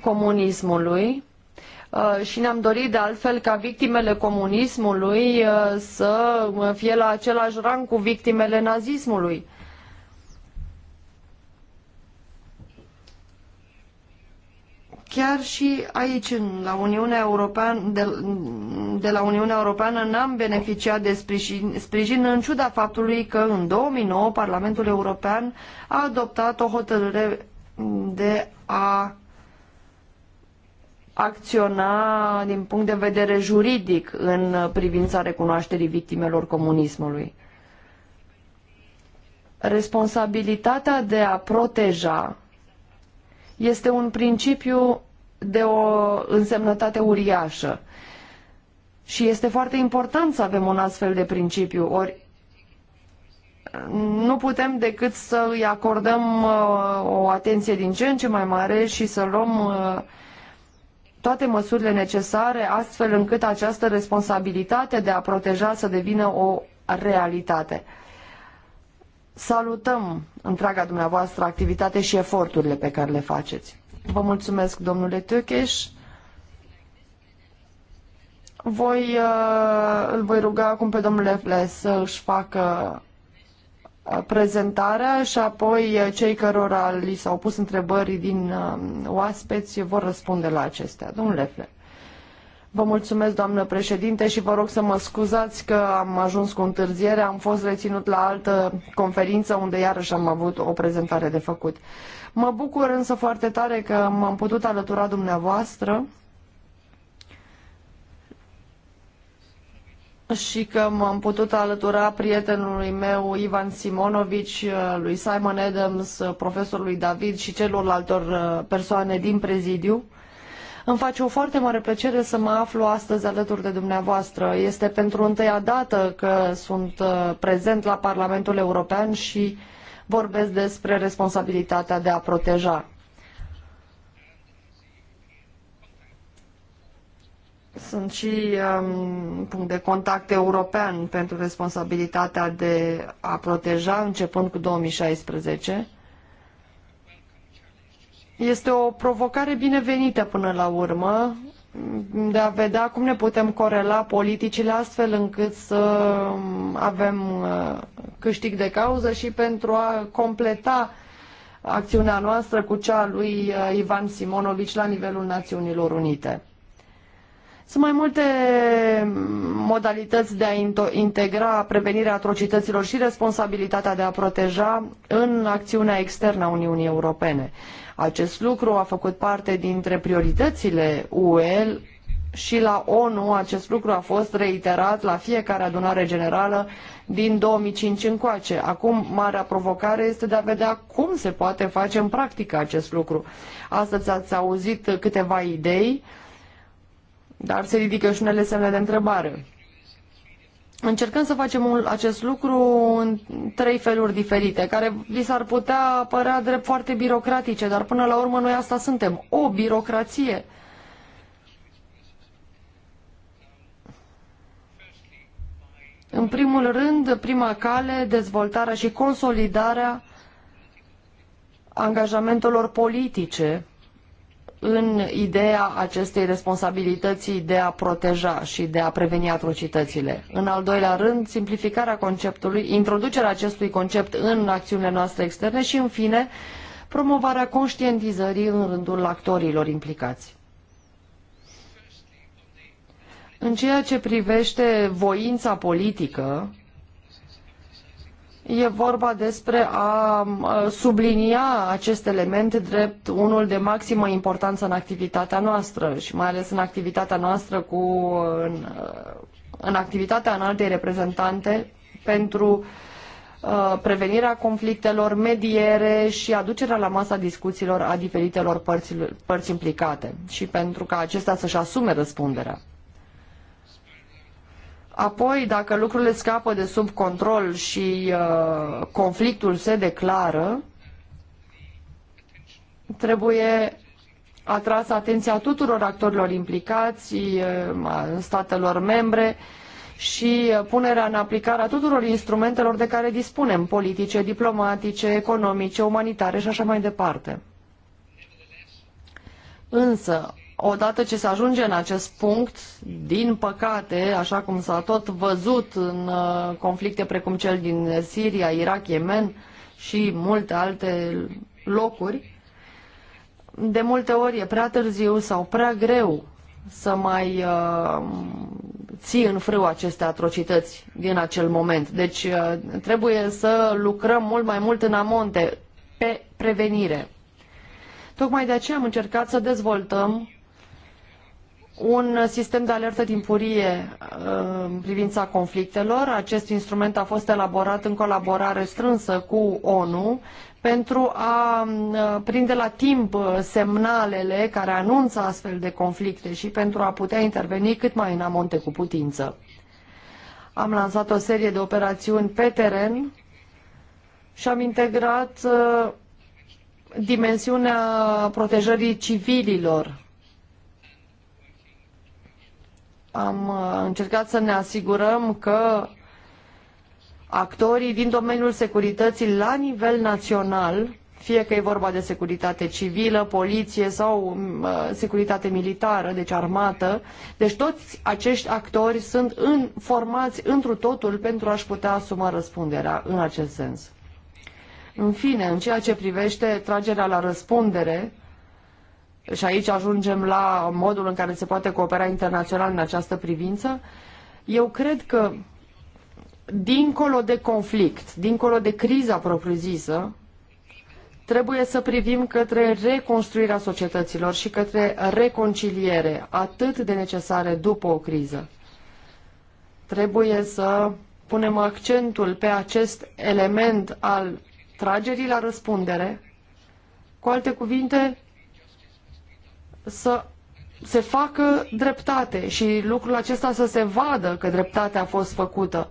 comunismului uh, și ne-am dorit de altfel ca victimele comunismului uh, să fie la același rang cu victimele nazismului. Chiar și aici, la Uniunea Europeană, de, de la Uniunea Europeană, n-am beneficiat de sprijin, sprijin, în ciuda faptului că în 2009 Parlamentul European a adoptat o hotărâre de a acționa din punct de vedere juridic în privința recunoașterii victimelor comunismului. Responsabilitatea de a proteja este un principiu de o însemnătate uriașă. Și este foarte important să avem un astfel de principiu, ori nu putem decât să îi acordăm uh, o atenție din ce în ce mai mare și să luăm uh, toate măsurile necesare astfel încât această responsabilitate de a proteja să devină o realitate salutăm întreaga dumneavoastră activitate și eforturile pe care le faceți. Vă mulțumesc, domnule Tökeș. Voi, uh, îl voi ruga acum pe domnul Efle să își facă uh, prezentarea și apoi uh, cei cărora li s-au pus întrebări din oaspeți vor răspunde la acestea. Domnule Efle. Vă mulțumesc, doamnă președinte, și vă rog să mă scuzați că am ajuns cu întârziere. Am fost reținut la altă conferință unde iarăși am avut o prezentare de făcut. Mă bucur însă foarte tare că m-am putut alătura dumneavoastră și că m-am putut alătura prietenului meu Ivan Simonovici, lui Simon Adams, profesorului David și celorlaltor uh, persoane din prezidiu îmi face o foarte mare plăcere să mă aflu astăzi alături de dumneavoastră. Este pentru întâia dată că sunt uh, prezent la Parlamentul European și vorbesc despre responsabilitatea de a proteja. Sunt și um, punct de contact european pentru responsabilitatea de a proteja, începând cu 2016. Este o provocare binevenită până la urmă de a vedea cum ne putem corela politicile astfel încât să avem uh, câștig de cauză și pentru a completa acțiunea noastră cu cea a lui uh, Ivan Simonovici la nivelul Națiunilor Unite. Sunt mai multe modalități de a integra prevenirea atrocităților și responsabilitatea de a proteja în acțiunea externă a Uniunii Europene. Acest lucru a făcut parte dintre prioritățile UE și la ONU acest lucru a fost reiterat la fiecare adunare generală din 2005 încoace. Acum, marea provocare este de a vedea cum se poate face în practică acest lucru. Astăzi ați auzit câteva idei, dar se ridică și unele semne de întrebare. Încercăm să facem acest lucru în trei feluri diferite, care vi s-ar putea părea drept foarte birocratice, dar până la urmă noi asta suntem, o birocrație. În primul rând, prima cale, dezvoltarea și consolidarea angajamentelor politice în ideea acestei responsabilități de a proteja și de a preveni atrocitățile. În al doilea rând, simplificarea conceptului, introducerea acestui concept în acțiunile noastre externe și, în fine, promovarea conștientizării în rândul actorilor implicați. În ceea ce privește voința politică E vorba despre a sublinia acest element drept unul de maximă importanță în activitatea noastră și mai ales în activitatea noastră cu în, în activitatea înaltei alte reprezentante pentru prevenirea conflictelor, mediere și aducerea la masa discuțiilor a diferitelor părți, părți implicate și pentru ca acestea să-și asume răspunderea. Apoi, dacă lucrurile scapă de sub control și uh, conflictul se declară, trebuie atras atenția tuturor actorilor implicați, uh, statelor membre și uh, punerea în aplicare a tuturor instrumentelor de care dispunem, politice, diplomatice, economice, umanitare și așa mai departe. Însă, odată ce se ajunge în acest punct, din păcate, așa cum s-a tot văzut în uh, conflicte precum cel din Siria, Irak, Yemen și multe alte locuri, de multe ori e prea târziu sau prea greu să mai uh, ții în frâu aceste atrocități din acel moment. Deci uh, trebuie să lucrăm mult mai mult în amonte pe prevenire. Tocmai de aceea am încercat să dezvoltăm un sistem de alertă timpurie uh, în privința conflictelor. Acest instrument a fost elaborat în colaborare strânsă cu ONU pentru a uh, prinde la timp uh, semnalele care anunță astfel de conflicte și pentru a putea interveni cât mai în amonte cu putință. Am lansat o serie de operațiuni pe teren și am integrat dimensiunea protejării civililor Am uh, încercat să ne asigurăm că actorii din domeniul securității la nivel național, fie că e vorba de securitate civilă, poliție sau uh, securitate militară, deci armată, deci toți acești actori sunt în, formați întru totul pentru a-și putea asuma răspunderea în acest sens. În fine, în ceea ce privește tragerea la răspundere, și aici ajungem la modul în care se poate coopera internațional în această privință, eu cred că dincolo de conflict, dincolo de criza propriu-zisă, trebuie să privim către reconstruirea societăților și către reconciliere atât de necesare după o criză. Trebuie să punem accentul pe acest element al tragerii la răspundere. Cu alte cuvinte, să se facă dreptate și lucrul acesta să se vadă că dreptatea a fost făcută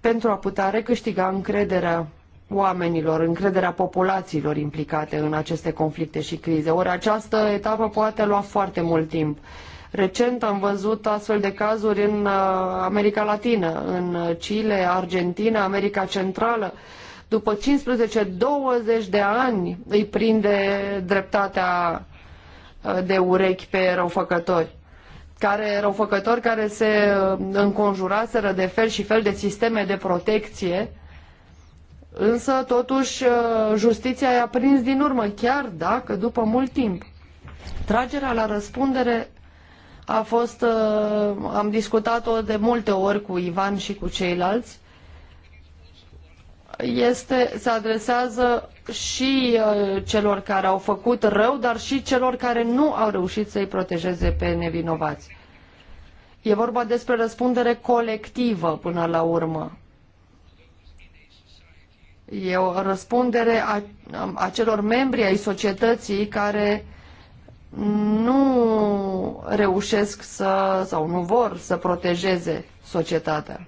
pentru a putea recâștiga încrederea oamenilor, încrederea populațiilor implicate în aceste conflicte și crize. Ori această etapă poate lua foarte mult timp. Recent am văzut astfel de cazuri în uh, America Latină, în Chile, Argentina, America Centrală. După 15-20 de ani îi prinde dreptatea Uh, de urechi pe răufăcători care răufăcători care se uh, înconjuraseră de fel și fel de sisteme de protecție, însă totuși uh, justiția i-a prins din urmă, chiar dacă după mult timp. Tragerea la răspundere a fost, am discutat-o de multe ori cu Ivan și cu ceilalți, este, se adresează și uh, celor care au făcut rău, dar și celor care nu au reușit să-i protejeze pe nevinovați. E vorba despre răspundere colectivă până la urmă. E o răspundere a, a celor membri ai societății care nu reușesc să sau nu vor să protejeze societatea.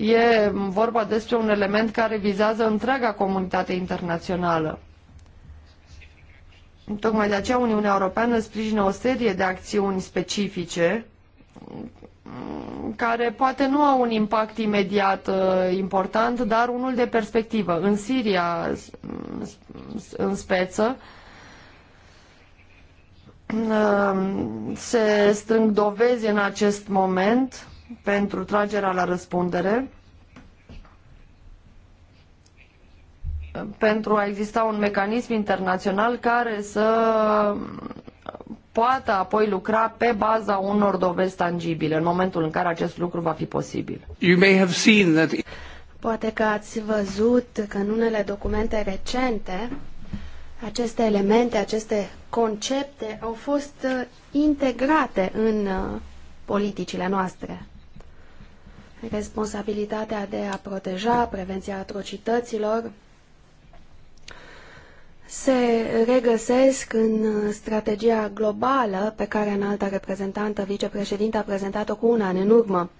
E vorba despre un element care vizează întreaga comunitate internațională. Tocmai de aceea Uniunea Europeană sprijină o serie de acțiuni specifice mm, care poate nu au un impact imediat uh, important, dar unul de perspectivă. În Siria, în speță, mm, uh, se strâng dovezi în acest moment pentru tragerea la răspundere, pentru a exista un mecanism internațional care să poată apoi lucra pe baza unor dovezi tangibile în momentul în care acest lucru va fi posibil. You may have seen that... Poate că ați văzut că în unele documente recente aceste elemente, aceste concepte au fost uh, integrate în uh, politicile noastre responsabilitatea de a proteja, prevenția atrocităților, se regăsesc în strategia globală pe care înalta reprezentantă vicepreședinte a prezentat-o cu un an în urmă.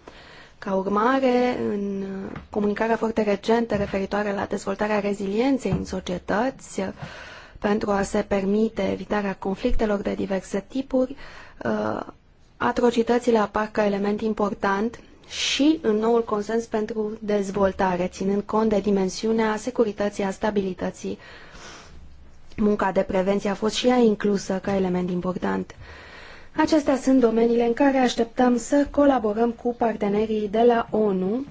Ca urmare, în comunicarea foarte recentă referitoare la dezvoltarea rezilienței în societăți, pentru a se permite evitarea conflictelor de diverse tipuri, uh, atrocitățile apar ca element important și în noul consens pentru dezvoltare, ținând cont de dimensiunea securității, a stabilității. Munca de prevenție a fost și ea inclusă ca element important. Acestea sunt domeniile în care așteptăm să colaborăm cu partenerii de la ONU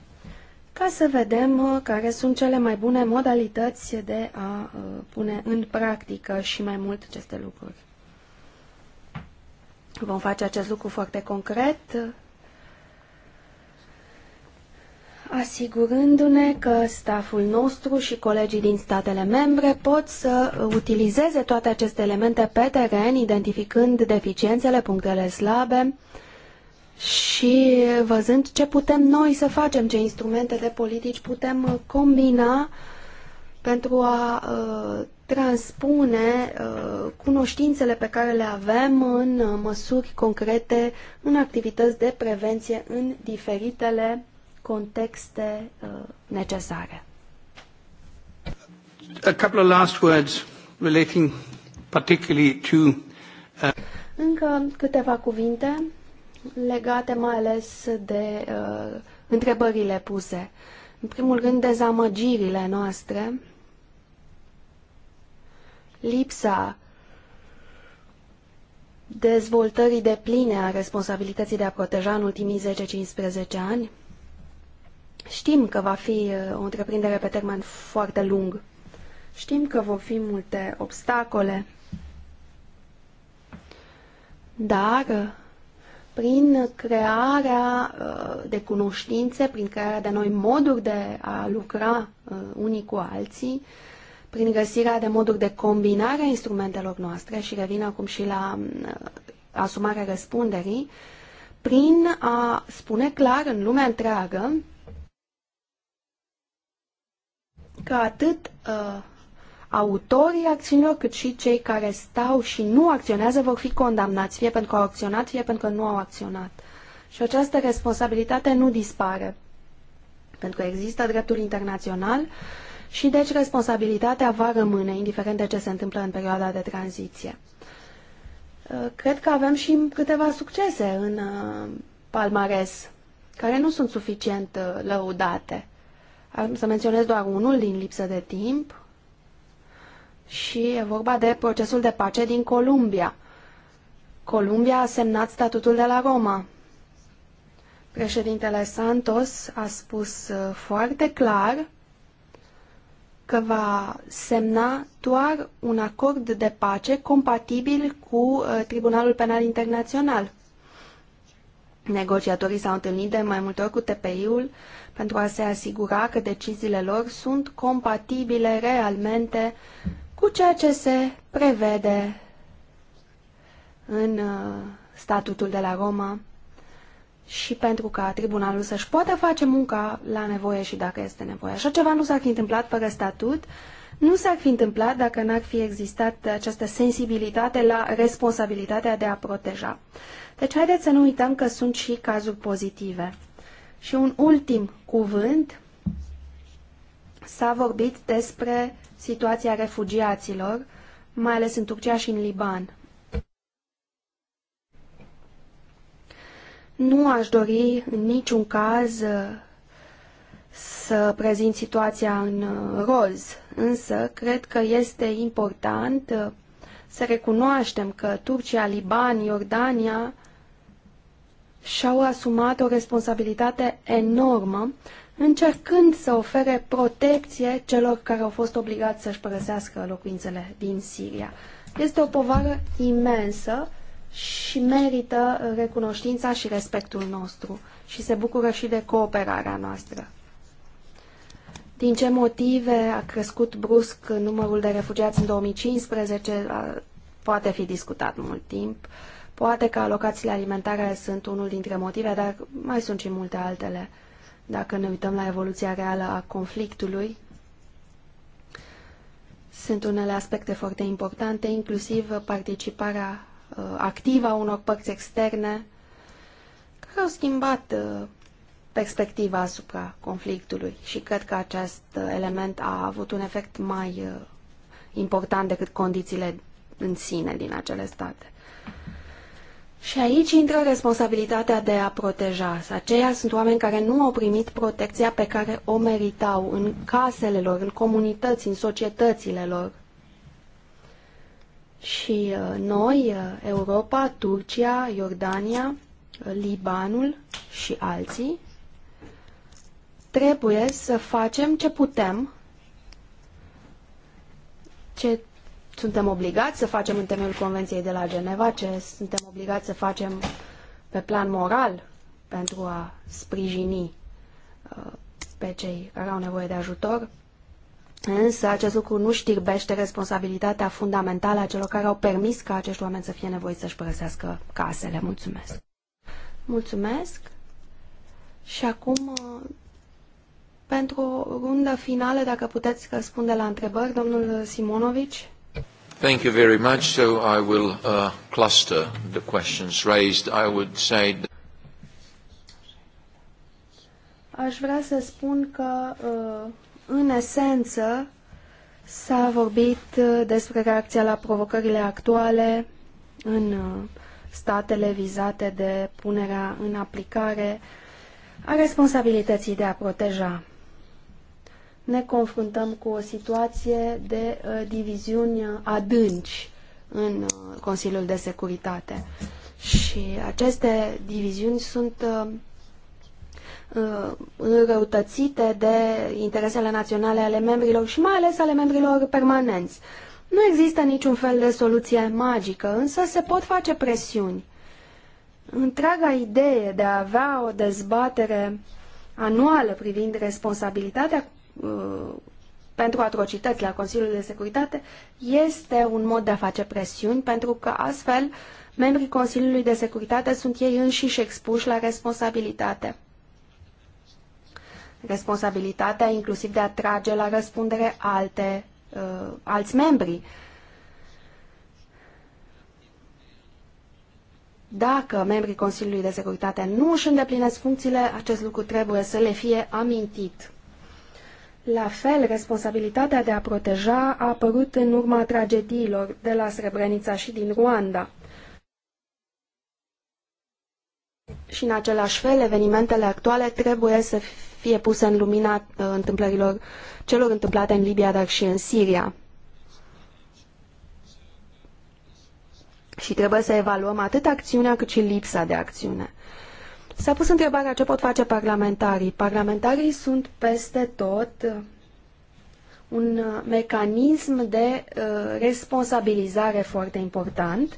ca să vedem uh, care sunt cele mai bune modalități de a uh, pune în practică și mai mult aceste lucruri. Vom face acest lucru foarte concret asigurându-ne că staful nostru și colegii din statele membre pot să utilizeze toate aceste elemente pe teren, identificând deficiențele, punctele slabe și văzând ce putem noi să facem, ce instrumente de politici putem combina pentru a uh, transpune uh, cunoștințele pe care le avem în uh, măsuri concrete, în activități de prevenție în diferitele contexte uh, necesare. A couple of last words relating particularly to uh... Încă câteva cuvinte legate mai ales de uh, întrebările puse. În primul rând, dezamăgirile noastre, lipsa dezvoltării de pline a responsabilității de a proteja în ultimii 10-15 ani, Știm că va fi uh, o întreprindere pe termen foarte lung. Știm că vor fi multe obstacole. Dar uh, prin crearea uh, de cunoștințe, prin crearea de noi moduri de a lucra unii cu alții, prin găsirea de moduri de combinare a instrumentelor noastre și revin acum și la asumarea răspunderii, prin a spune clar în lumea întreagă că atât uh, autorii acțiunilor, cât și cei care stau și nu acționează vor fi condamnați, fie pentru că au acționat, fie pentru că nu au acționat. Și această responsabilitate nu dispare, pentru că există dreptul internațional și deci responsabilitatea va rămâne, indiferent de ce se întâmplă în perioada de tranziție. Uh, cred că avem și câteva succese în uh, palmares, care nu sunt suficient uh, lăudate. Am să menționez doar unul din lipsă de timp și e vorba de procesul de pace din Columbia. Columbia a semnat statutul de la Roma. Președintele Santos a spus uh, foarte clar că va semna doar un acord de pace compatibil cu uh, Tribunalul Penal Internațional. Negociatorii s-au întâlnit de mai multe ori cu TPI-ul pentru a se asigura că deciziile lor sunt compatibile realmente cu ceea ce se prevede în uh, statutul de la Roma și pentru ca tribunalul să-și poată face munca la nevoie și dacă este nevoie. Așa ceva nu s-ar fi întâmplat fără statut nu s-ar fi întâmplat dacă n-ar fi existat această sensibilitate la responsabilitatea de a proteja. Deci haideți să nu uităm că sunt și cazuri pozitive. Și un ultim cuvânt, s-a vorbit despre situația refugiaților, mai ales în Turcia și în Liban. Nu aș dori în niciun caz să prezint situația în roz însă cred că este important uh, să recunoaștem că Turcia, Liban, Iordania și-au asumat o responsabilitate enormă încercând să ofere protecție celor care au fost obligați să-și părăsească locuințele din Siria. Este o povară imensă și merită recunoștința și respectul nostru și se bucură și de cooperarea noastră. Din ce motive a crescut brusc numărul de refugiați în 2015 poate fi discutat mult timp. Poate că alocațiile alimentare sunt unul dintre motive, dar mai sunt și multe altele. Dacă ne uităm la evoluția reală a conflictului, sunt unele aspecte foarte importante, inclusiv participarea uh, activă a unor părți externe care au schimbat uh, perspectivă asupra conflictului și cred că acest element a avut un efect mai uh, important decât condițiile în sine din acele state. Și aici intră responsabilitatea de a proteja. Aceia sunt oameni care nu au primit protecția pe care o meritau în casele lor, în comunități, în societățile lor. Și uh, noi, uh, Europa, Turcia, Iordania, Libanul și alții, Trebuie să facem ce putem, ce suntem obligați să facem în temeiul Convenției de la Geneva, ce suntem obligați să facem pe plan moral pentru a sprijini uh, pe cei care au nevoie de ajutor. Însă acest lucru nu știrbește responsabilitatea fundamentală a celor care au permis ca acești oameni să fie nevoiți să-și părăsească casele. Mulțumesc! Mulțumesc! Și acum uh, pentru rundă finală, dacă puteți răspunde la întrebări, domnul Simonovici. Thank you very much. So I will uh, cluster the questions raised. I would say that Aș vrea să spun că, uh, în esență, s-a vorbit uh, despre reacția la provocările actuale în uh, statele vizate de punerea în aplicare a responsabilității de a proteja ne confruntăm cu o situație de uh, diviziuni adânci în uh, Consiliul de Securitate. Și aceste diviziuni sunt uh, înrăutățite de interesele naționale ale membrilor și mai ales ale membrilor permanenți. Nu există niciun fel de soluție magică, însă se pot face presiuni. Întreaga idee de a avea o dezbatere anuală privind responsabilitatea Uh, pentru atrocități la Consiliul de Securitate este un mod de a face presiuni, pentru că astfel membrii Consiliului de Securitate sunt ei înșiși expuși la responsabilitate. Responsabilitatea inclusiv de a trage la răspundere alte, uh, alți membri. Dacă membrii Consiliului de Securitate nu își îndeplinesc funcțiile, acest lucru trebuie să le fie amintit. La fel, responsabilitatea de a proteja a apărut în urma tragediilor de la Srebrenica și din Ruanda. Și în același fel, evenimentele actuale trebuie să fie puse în lumina uh, întâmplărilor celor întâmplate în Libia, dar și în Siria. Și trebuie să evaluăm atât acțiunea cât și lipsa de acțiune. S-a pus întrebarea ce pot face parlamentarii. Parlamentarii sunt peste tot uh, un uh, mecanism de uh, responsabilizare foarte important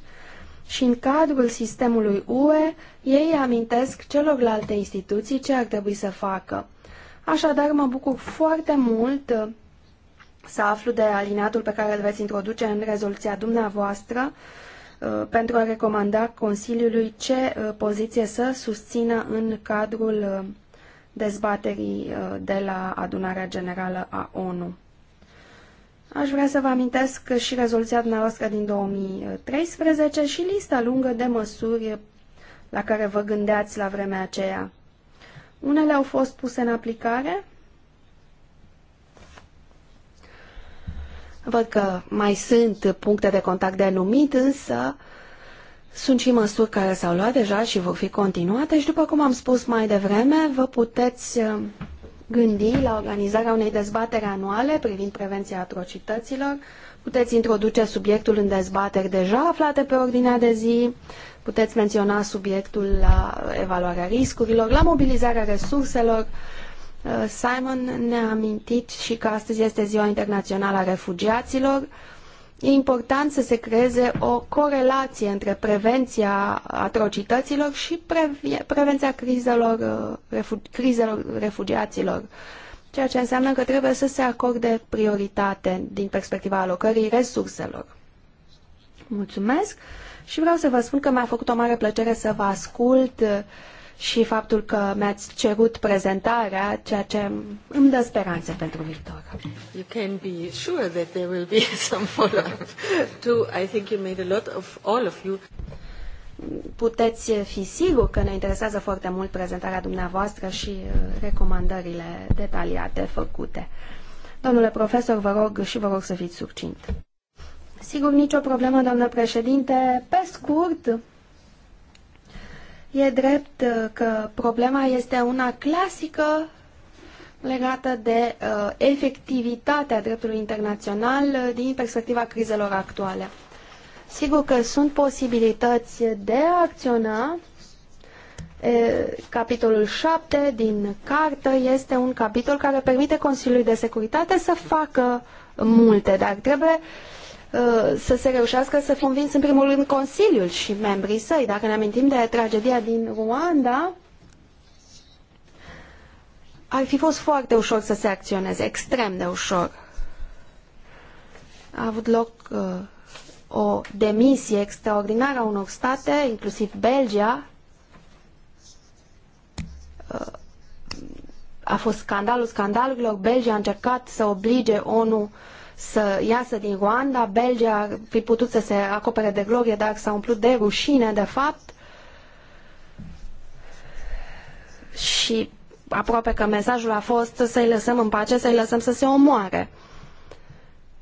și în cadrul sistemului UE ei amintesc celorlalte instituții ce ar trebui să facă. Așadar, mă bucur foarte mult să aflu de alineatul pe care îl veți introduce în rezoluția dumneavoastră uh, Uh, pentru a recomanda Consiliului ce uh, poziție să susțină în cadrul uh, dezbaterii de la adunarea generală a ONU. Aș vrea să vă amintesc și rezoluția dumneavoastră din 2013 și lista lungă de măsuri la care vă gândeați la vremea aceea. Unele au fost puse în aplicare, Văd că mai sunt puncte de contact de anumit, însă sunt și măsuri care s-au luat deja și vor fi continuate și după cum am spus mai devreme, vă puteți uh, gândi la organizarea unei dezbateri anuale privind prevenția atrocităților. Puteți introduce subiectul în dezbateri deja aflate pe ordinea de zi, puteți menționa subiectul la evaluarea riscurilor, la mobilizarea resurselor, Simon ne-a amintit și că astăzi este Ziua Internațională a Refugiaților. E important să se creeze o corelație între prevenția atrocităților și prevenția crizelor, uh, refu crizelor refugiaților, ceea ce înseamnă că trebuie să se acorde prioritate din perspectiva alocării resurselor. Mulțumesc și vreau să vă spun că mi-a făcut o mare plăcere să vă ascult uh, și faptul că mi-ați cerut prezentarea, ceea ce îmi dă speranțe pentru viitor. You can be sure that there will be (laughs) some follow-up. Too, I think you made a lot of all of you. Puteți fi sigur că ne interesează foarte mult prezentarea dumneavoastră și uh, recomandările detaliate făcute. Domnule profesor, vă rog și vă rog să fiți succint. Sigur, nicio problemă, doamnă președinte. Pe scurt, E drept uh, că problema este una clasică legată de uh, efectivitatea dreptului internațional uh, din perspectiva crizelor actuale. Sigur că sunt posibilități de a acționa. E, capitolul 7 din cartă este un capitol care permite Consiliului de Securitate să facă multe, dar trebuie uh, Uh, să se reușească să fie convins în primul rând Consiliul și membrii săi. Dacă ne amintim de tragedia din Ruanda, ar fi fost foarte ușor să se acționeze, extrem de ușor. A avut loc uh, o demisie extraordinară a unor state, inclusiv Belgia. Uh, a fost scandalul scandalurilor. Belgia a încercat să oblige ONU să iasă din Rwanda. Belgia ar fi putut să se acopere de glorie, dar s-a umplut de rușine, de fapt. Și aproape că mesajul a fost să-i lăsăm în pace, să-i lăsăm să se omoare.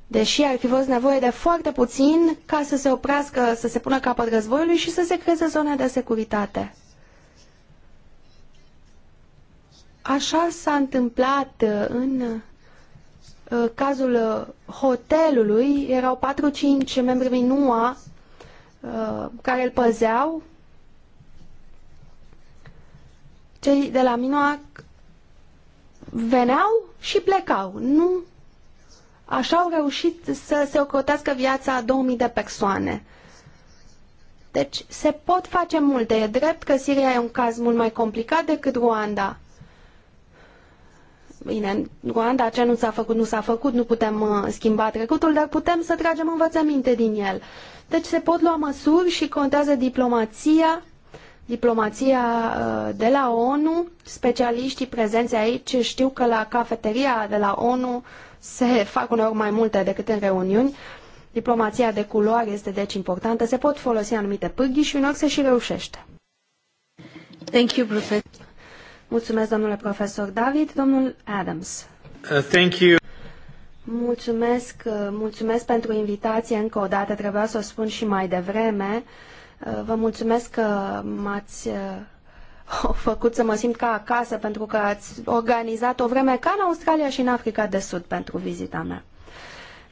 Deși ar fi fost nevoie de foarte puțin ca să se oprească, să se pună capăt războiului și să se creeze zone de securitate. Așa s-a întâmplat în Uh, cazul uh, hotelului erau 4-5 membri NUA uh, care îl păzeau. Cei de la Minoac veneau și plecau. Nu Așa au reușit să se ocrotească viața a 2000 de persoane. Deci se pot face multe. E drept că Siria e un caz mult mai complicat decât Rwanda. Bine, în Rwanda ce nu s-a făcut, nu s-a făcut, nu putem uh, schimba trecutul, dar putem să tragem învățăminte din el. Deci se pot lua măsuri și contează diplomația, diplomația uh, de la ONU, specialiștii prezenți aici știu că la cafeteria de la ONU se (laughs) fac uneori mai multe decât în reuniuni. Diplomația de culoare este deci importantă, se pot folosi anumite pârghii și uneori se și reușește. Thank you, professor. Mulțumesc, domnule profesor David. Domnul Adams. Uh, thank you. Mulțumesc, uh, mulțumesc pentru invitație încă o dată. Trebuia să o spun și mai devreme. Uh, vă mulțumesc că m-ați uh, (laughs) făcut să mă simt ca acasă pentru că ați organizat o vreme ca în Australia și în Africa de Sud pentru vizita mea.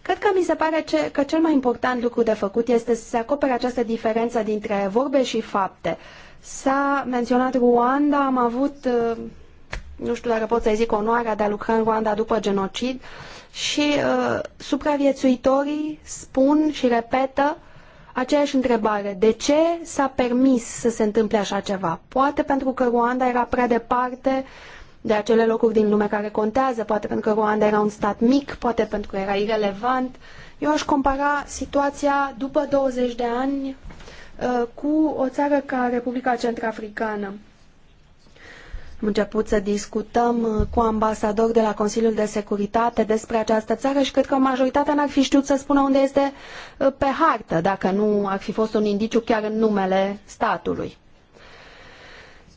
Cred că mi se pare ce, că cel mai important lucru de făcut este să se acopere această diferență dintre vorbe și fapte. Uh, S-a menționat Rwanda, am avut, uh, nu știu dacă pot să zic, onoarea de a lucra în Rwanda după genocid și uh, supraviețuitorii spun și repetă aceeași întrebare. De ce s-a permis să se întâmple așa ceva? Poate pentru că Rwanda era prea departe de acele locuri din lume care contează, poate pentru că Rwanda era un stat mic, poate pentru că era irelevant. Eu aș compara situația după 20 de ani Uh, cu o țară ca Republica Centrafricană. Am început să discutăm uh, cu ambasador de la Consiliul de Securitate despre această țară și cred că majoritatea n-ar fi știut să spună unde este uh, pe hartă, dacă nu ar fi fost un indiciu chiar în numele statului.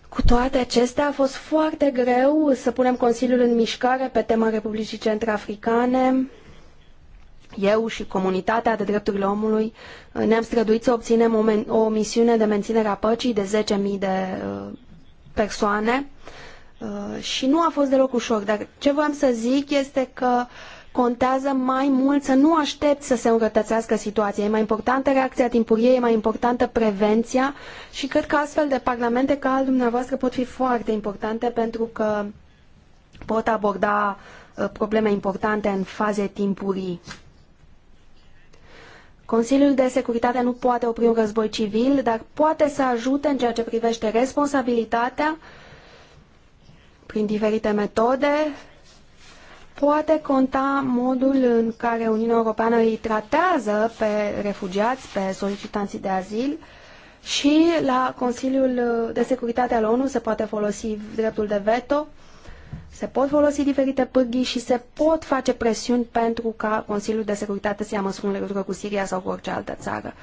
Cu toate acestea a fost foarte greu să punem Consiliul în mișcare pe tema Republicii Centrafricane eu și comunitatea de drepturile omului uh, ne-am străduit să obținem o, o misiune de menținere a păcii de 10.000 de uh, persoane uh, și nu a fost deloc ușor. Dar ce voiam să zic este că contează mai mult să nu aștepți să se înrătățească situația. E mai importantă reacția timpurie, e mai importantă prevenția și cred că astfel de parlamente ca al dumneavoastră pot fi foarte importante pentru că pot aborda probleme importante în faze timpurii. Consiliul de Securitate nu poate opri un război civil, dar poate să ajute în ceea ce privește responsabilitatea prin diferite metode. Poate conta modul în care Uniunea Europeană îi tratează pe refugiați, pe solicitanții de azil și la Consiliul de Securitate al ONU se poate folosi dreptul de veto se pot folosi diferite pârghii și se pot face presiuni pentru ca Consiliul de Securitate să ia măsuri în legătură cu Siria sau cu orice altă țară.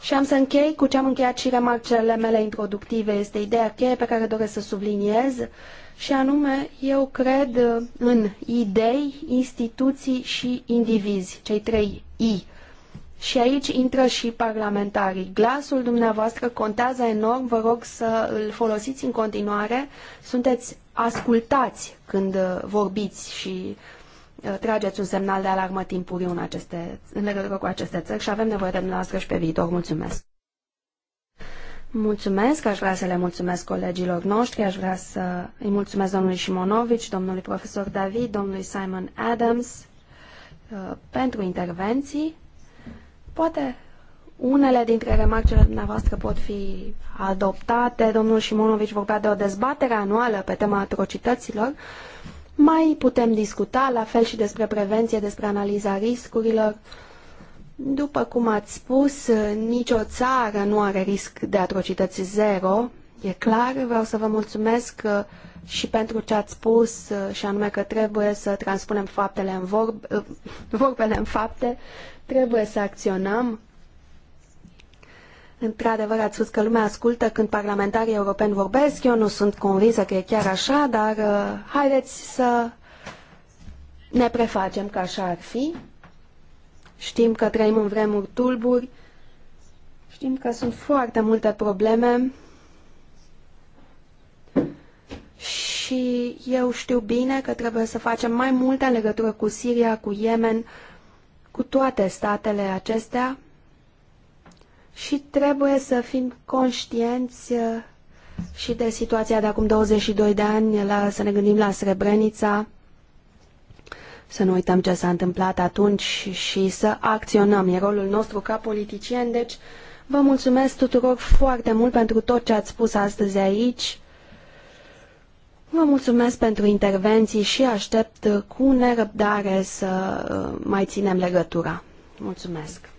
Și am să închei cu ce am încheiat și remarcele mele introductive. Este ideea cheie pe care doresc să subliniez și anume, eu cred în idei, instituții și indivizi, cei trei I. Și aici intră și parlamentarii. Glasul dumneavoastră contează enorm, vă rog să îl folosiți în continuare. Sunteți ascultați când uh, vorbiți și uh, trageți un semnal de alarmă timpuriu în, aceste, în legătură cu aceste țări și avem nevoie de dumneavoastră și pe viitor. Mulțumesc! Mulțumesc, aș vrea să le mulțumesc colegilor noștri, aș vrea să îi mulțumesc domnului Simonovici, domnului profesor David, domnului Simon Adams uh, pentru intervenții. Poate unele dintre remarcele dumneavoastră pot fi adoptate. Domnul Șimonovici vorbea de o dezbatere anuală pe tema atrocităților. Mai putem discuta, la fel și despre prevenție, despre analiza riscurilor. După cum ați spus, nicio țară nu are risc de atrocități zero, e clar. Vreau să vă mulțumesc uh, și pentru ce ați spus, uh, și anume că trebuie să transpunem faptele în vorb, uh, (laughs) vorbele în fapte, trebuie să acționăm Într-adevăr, ați spus că lumea ascultă când parlamentarii europeni vorbesc. Eu nu sunt convinsă că e chiar așa, dar uh, haideți să ne prefacem că așa ar fi. Știm că trăim în vremuri tulburi, știm că sunt foarte multe probleme și eu știu bine că trebuie să facem mai multe în legătură cu Siria, cu Yemen, cu toate statele acestea și trebuie să fim conștienți uh, și de situația de acum 22 de ani, la, să ne gândim la Srebrenica, să nu uităm ce s-a întâmplat atunci și, și să acționăm. E rolul nostru ca politicieni, deci vă mulțumesc tuturor foarte mult pentru tot ce ați spus astăzi aici. Vă mulțumesc pentru intervenții și aștept cu nerăbdare să uh, mai ținem legătura. Mulțumesc!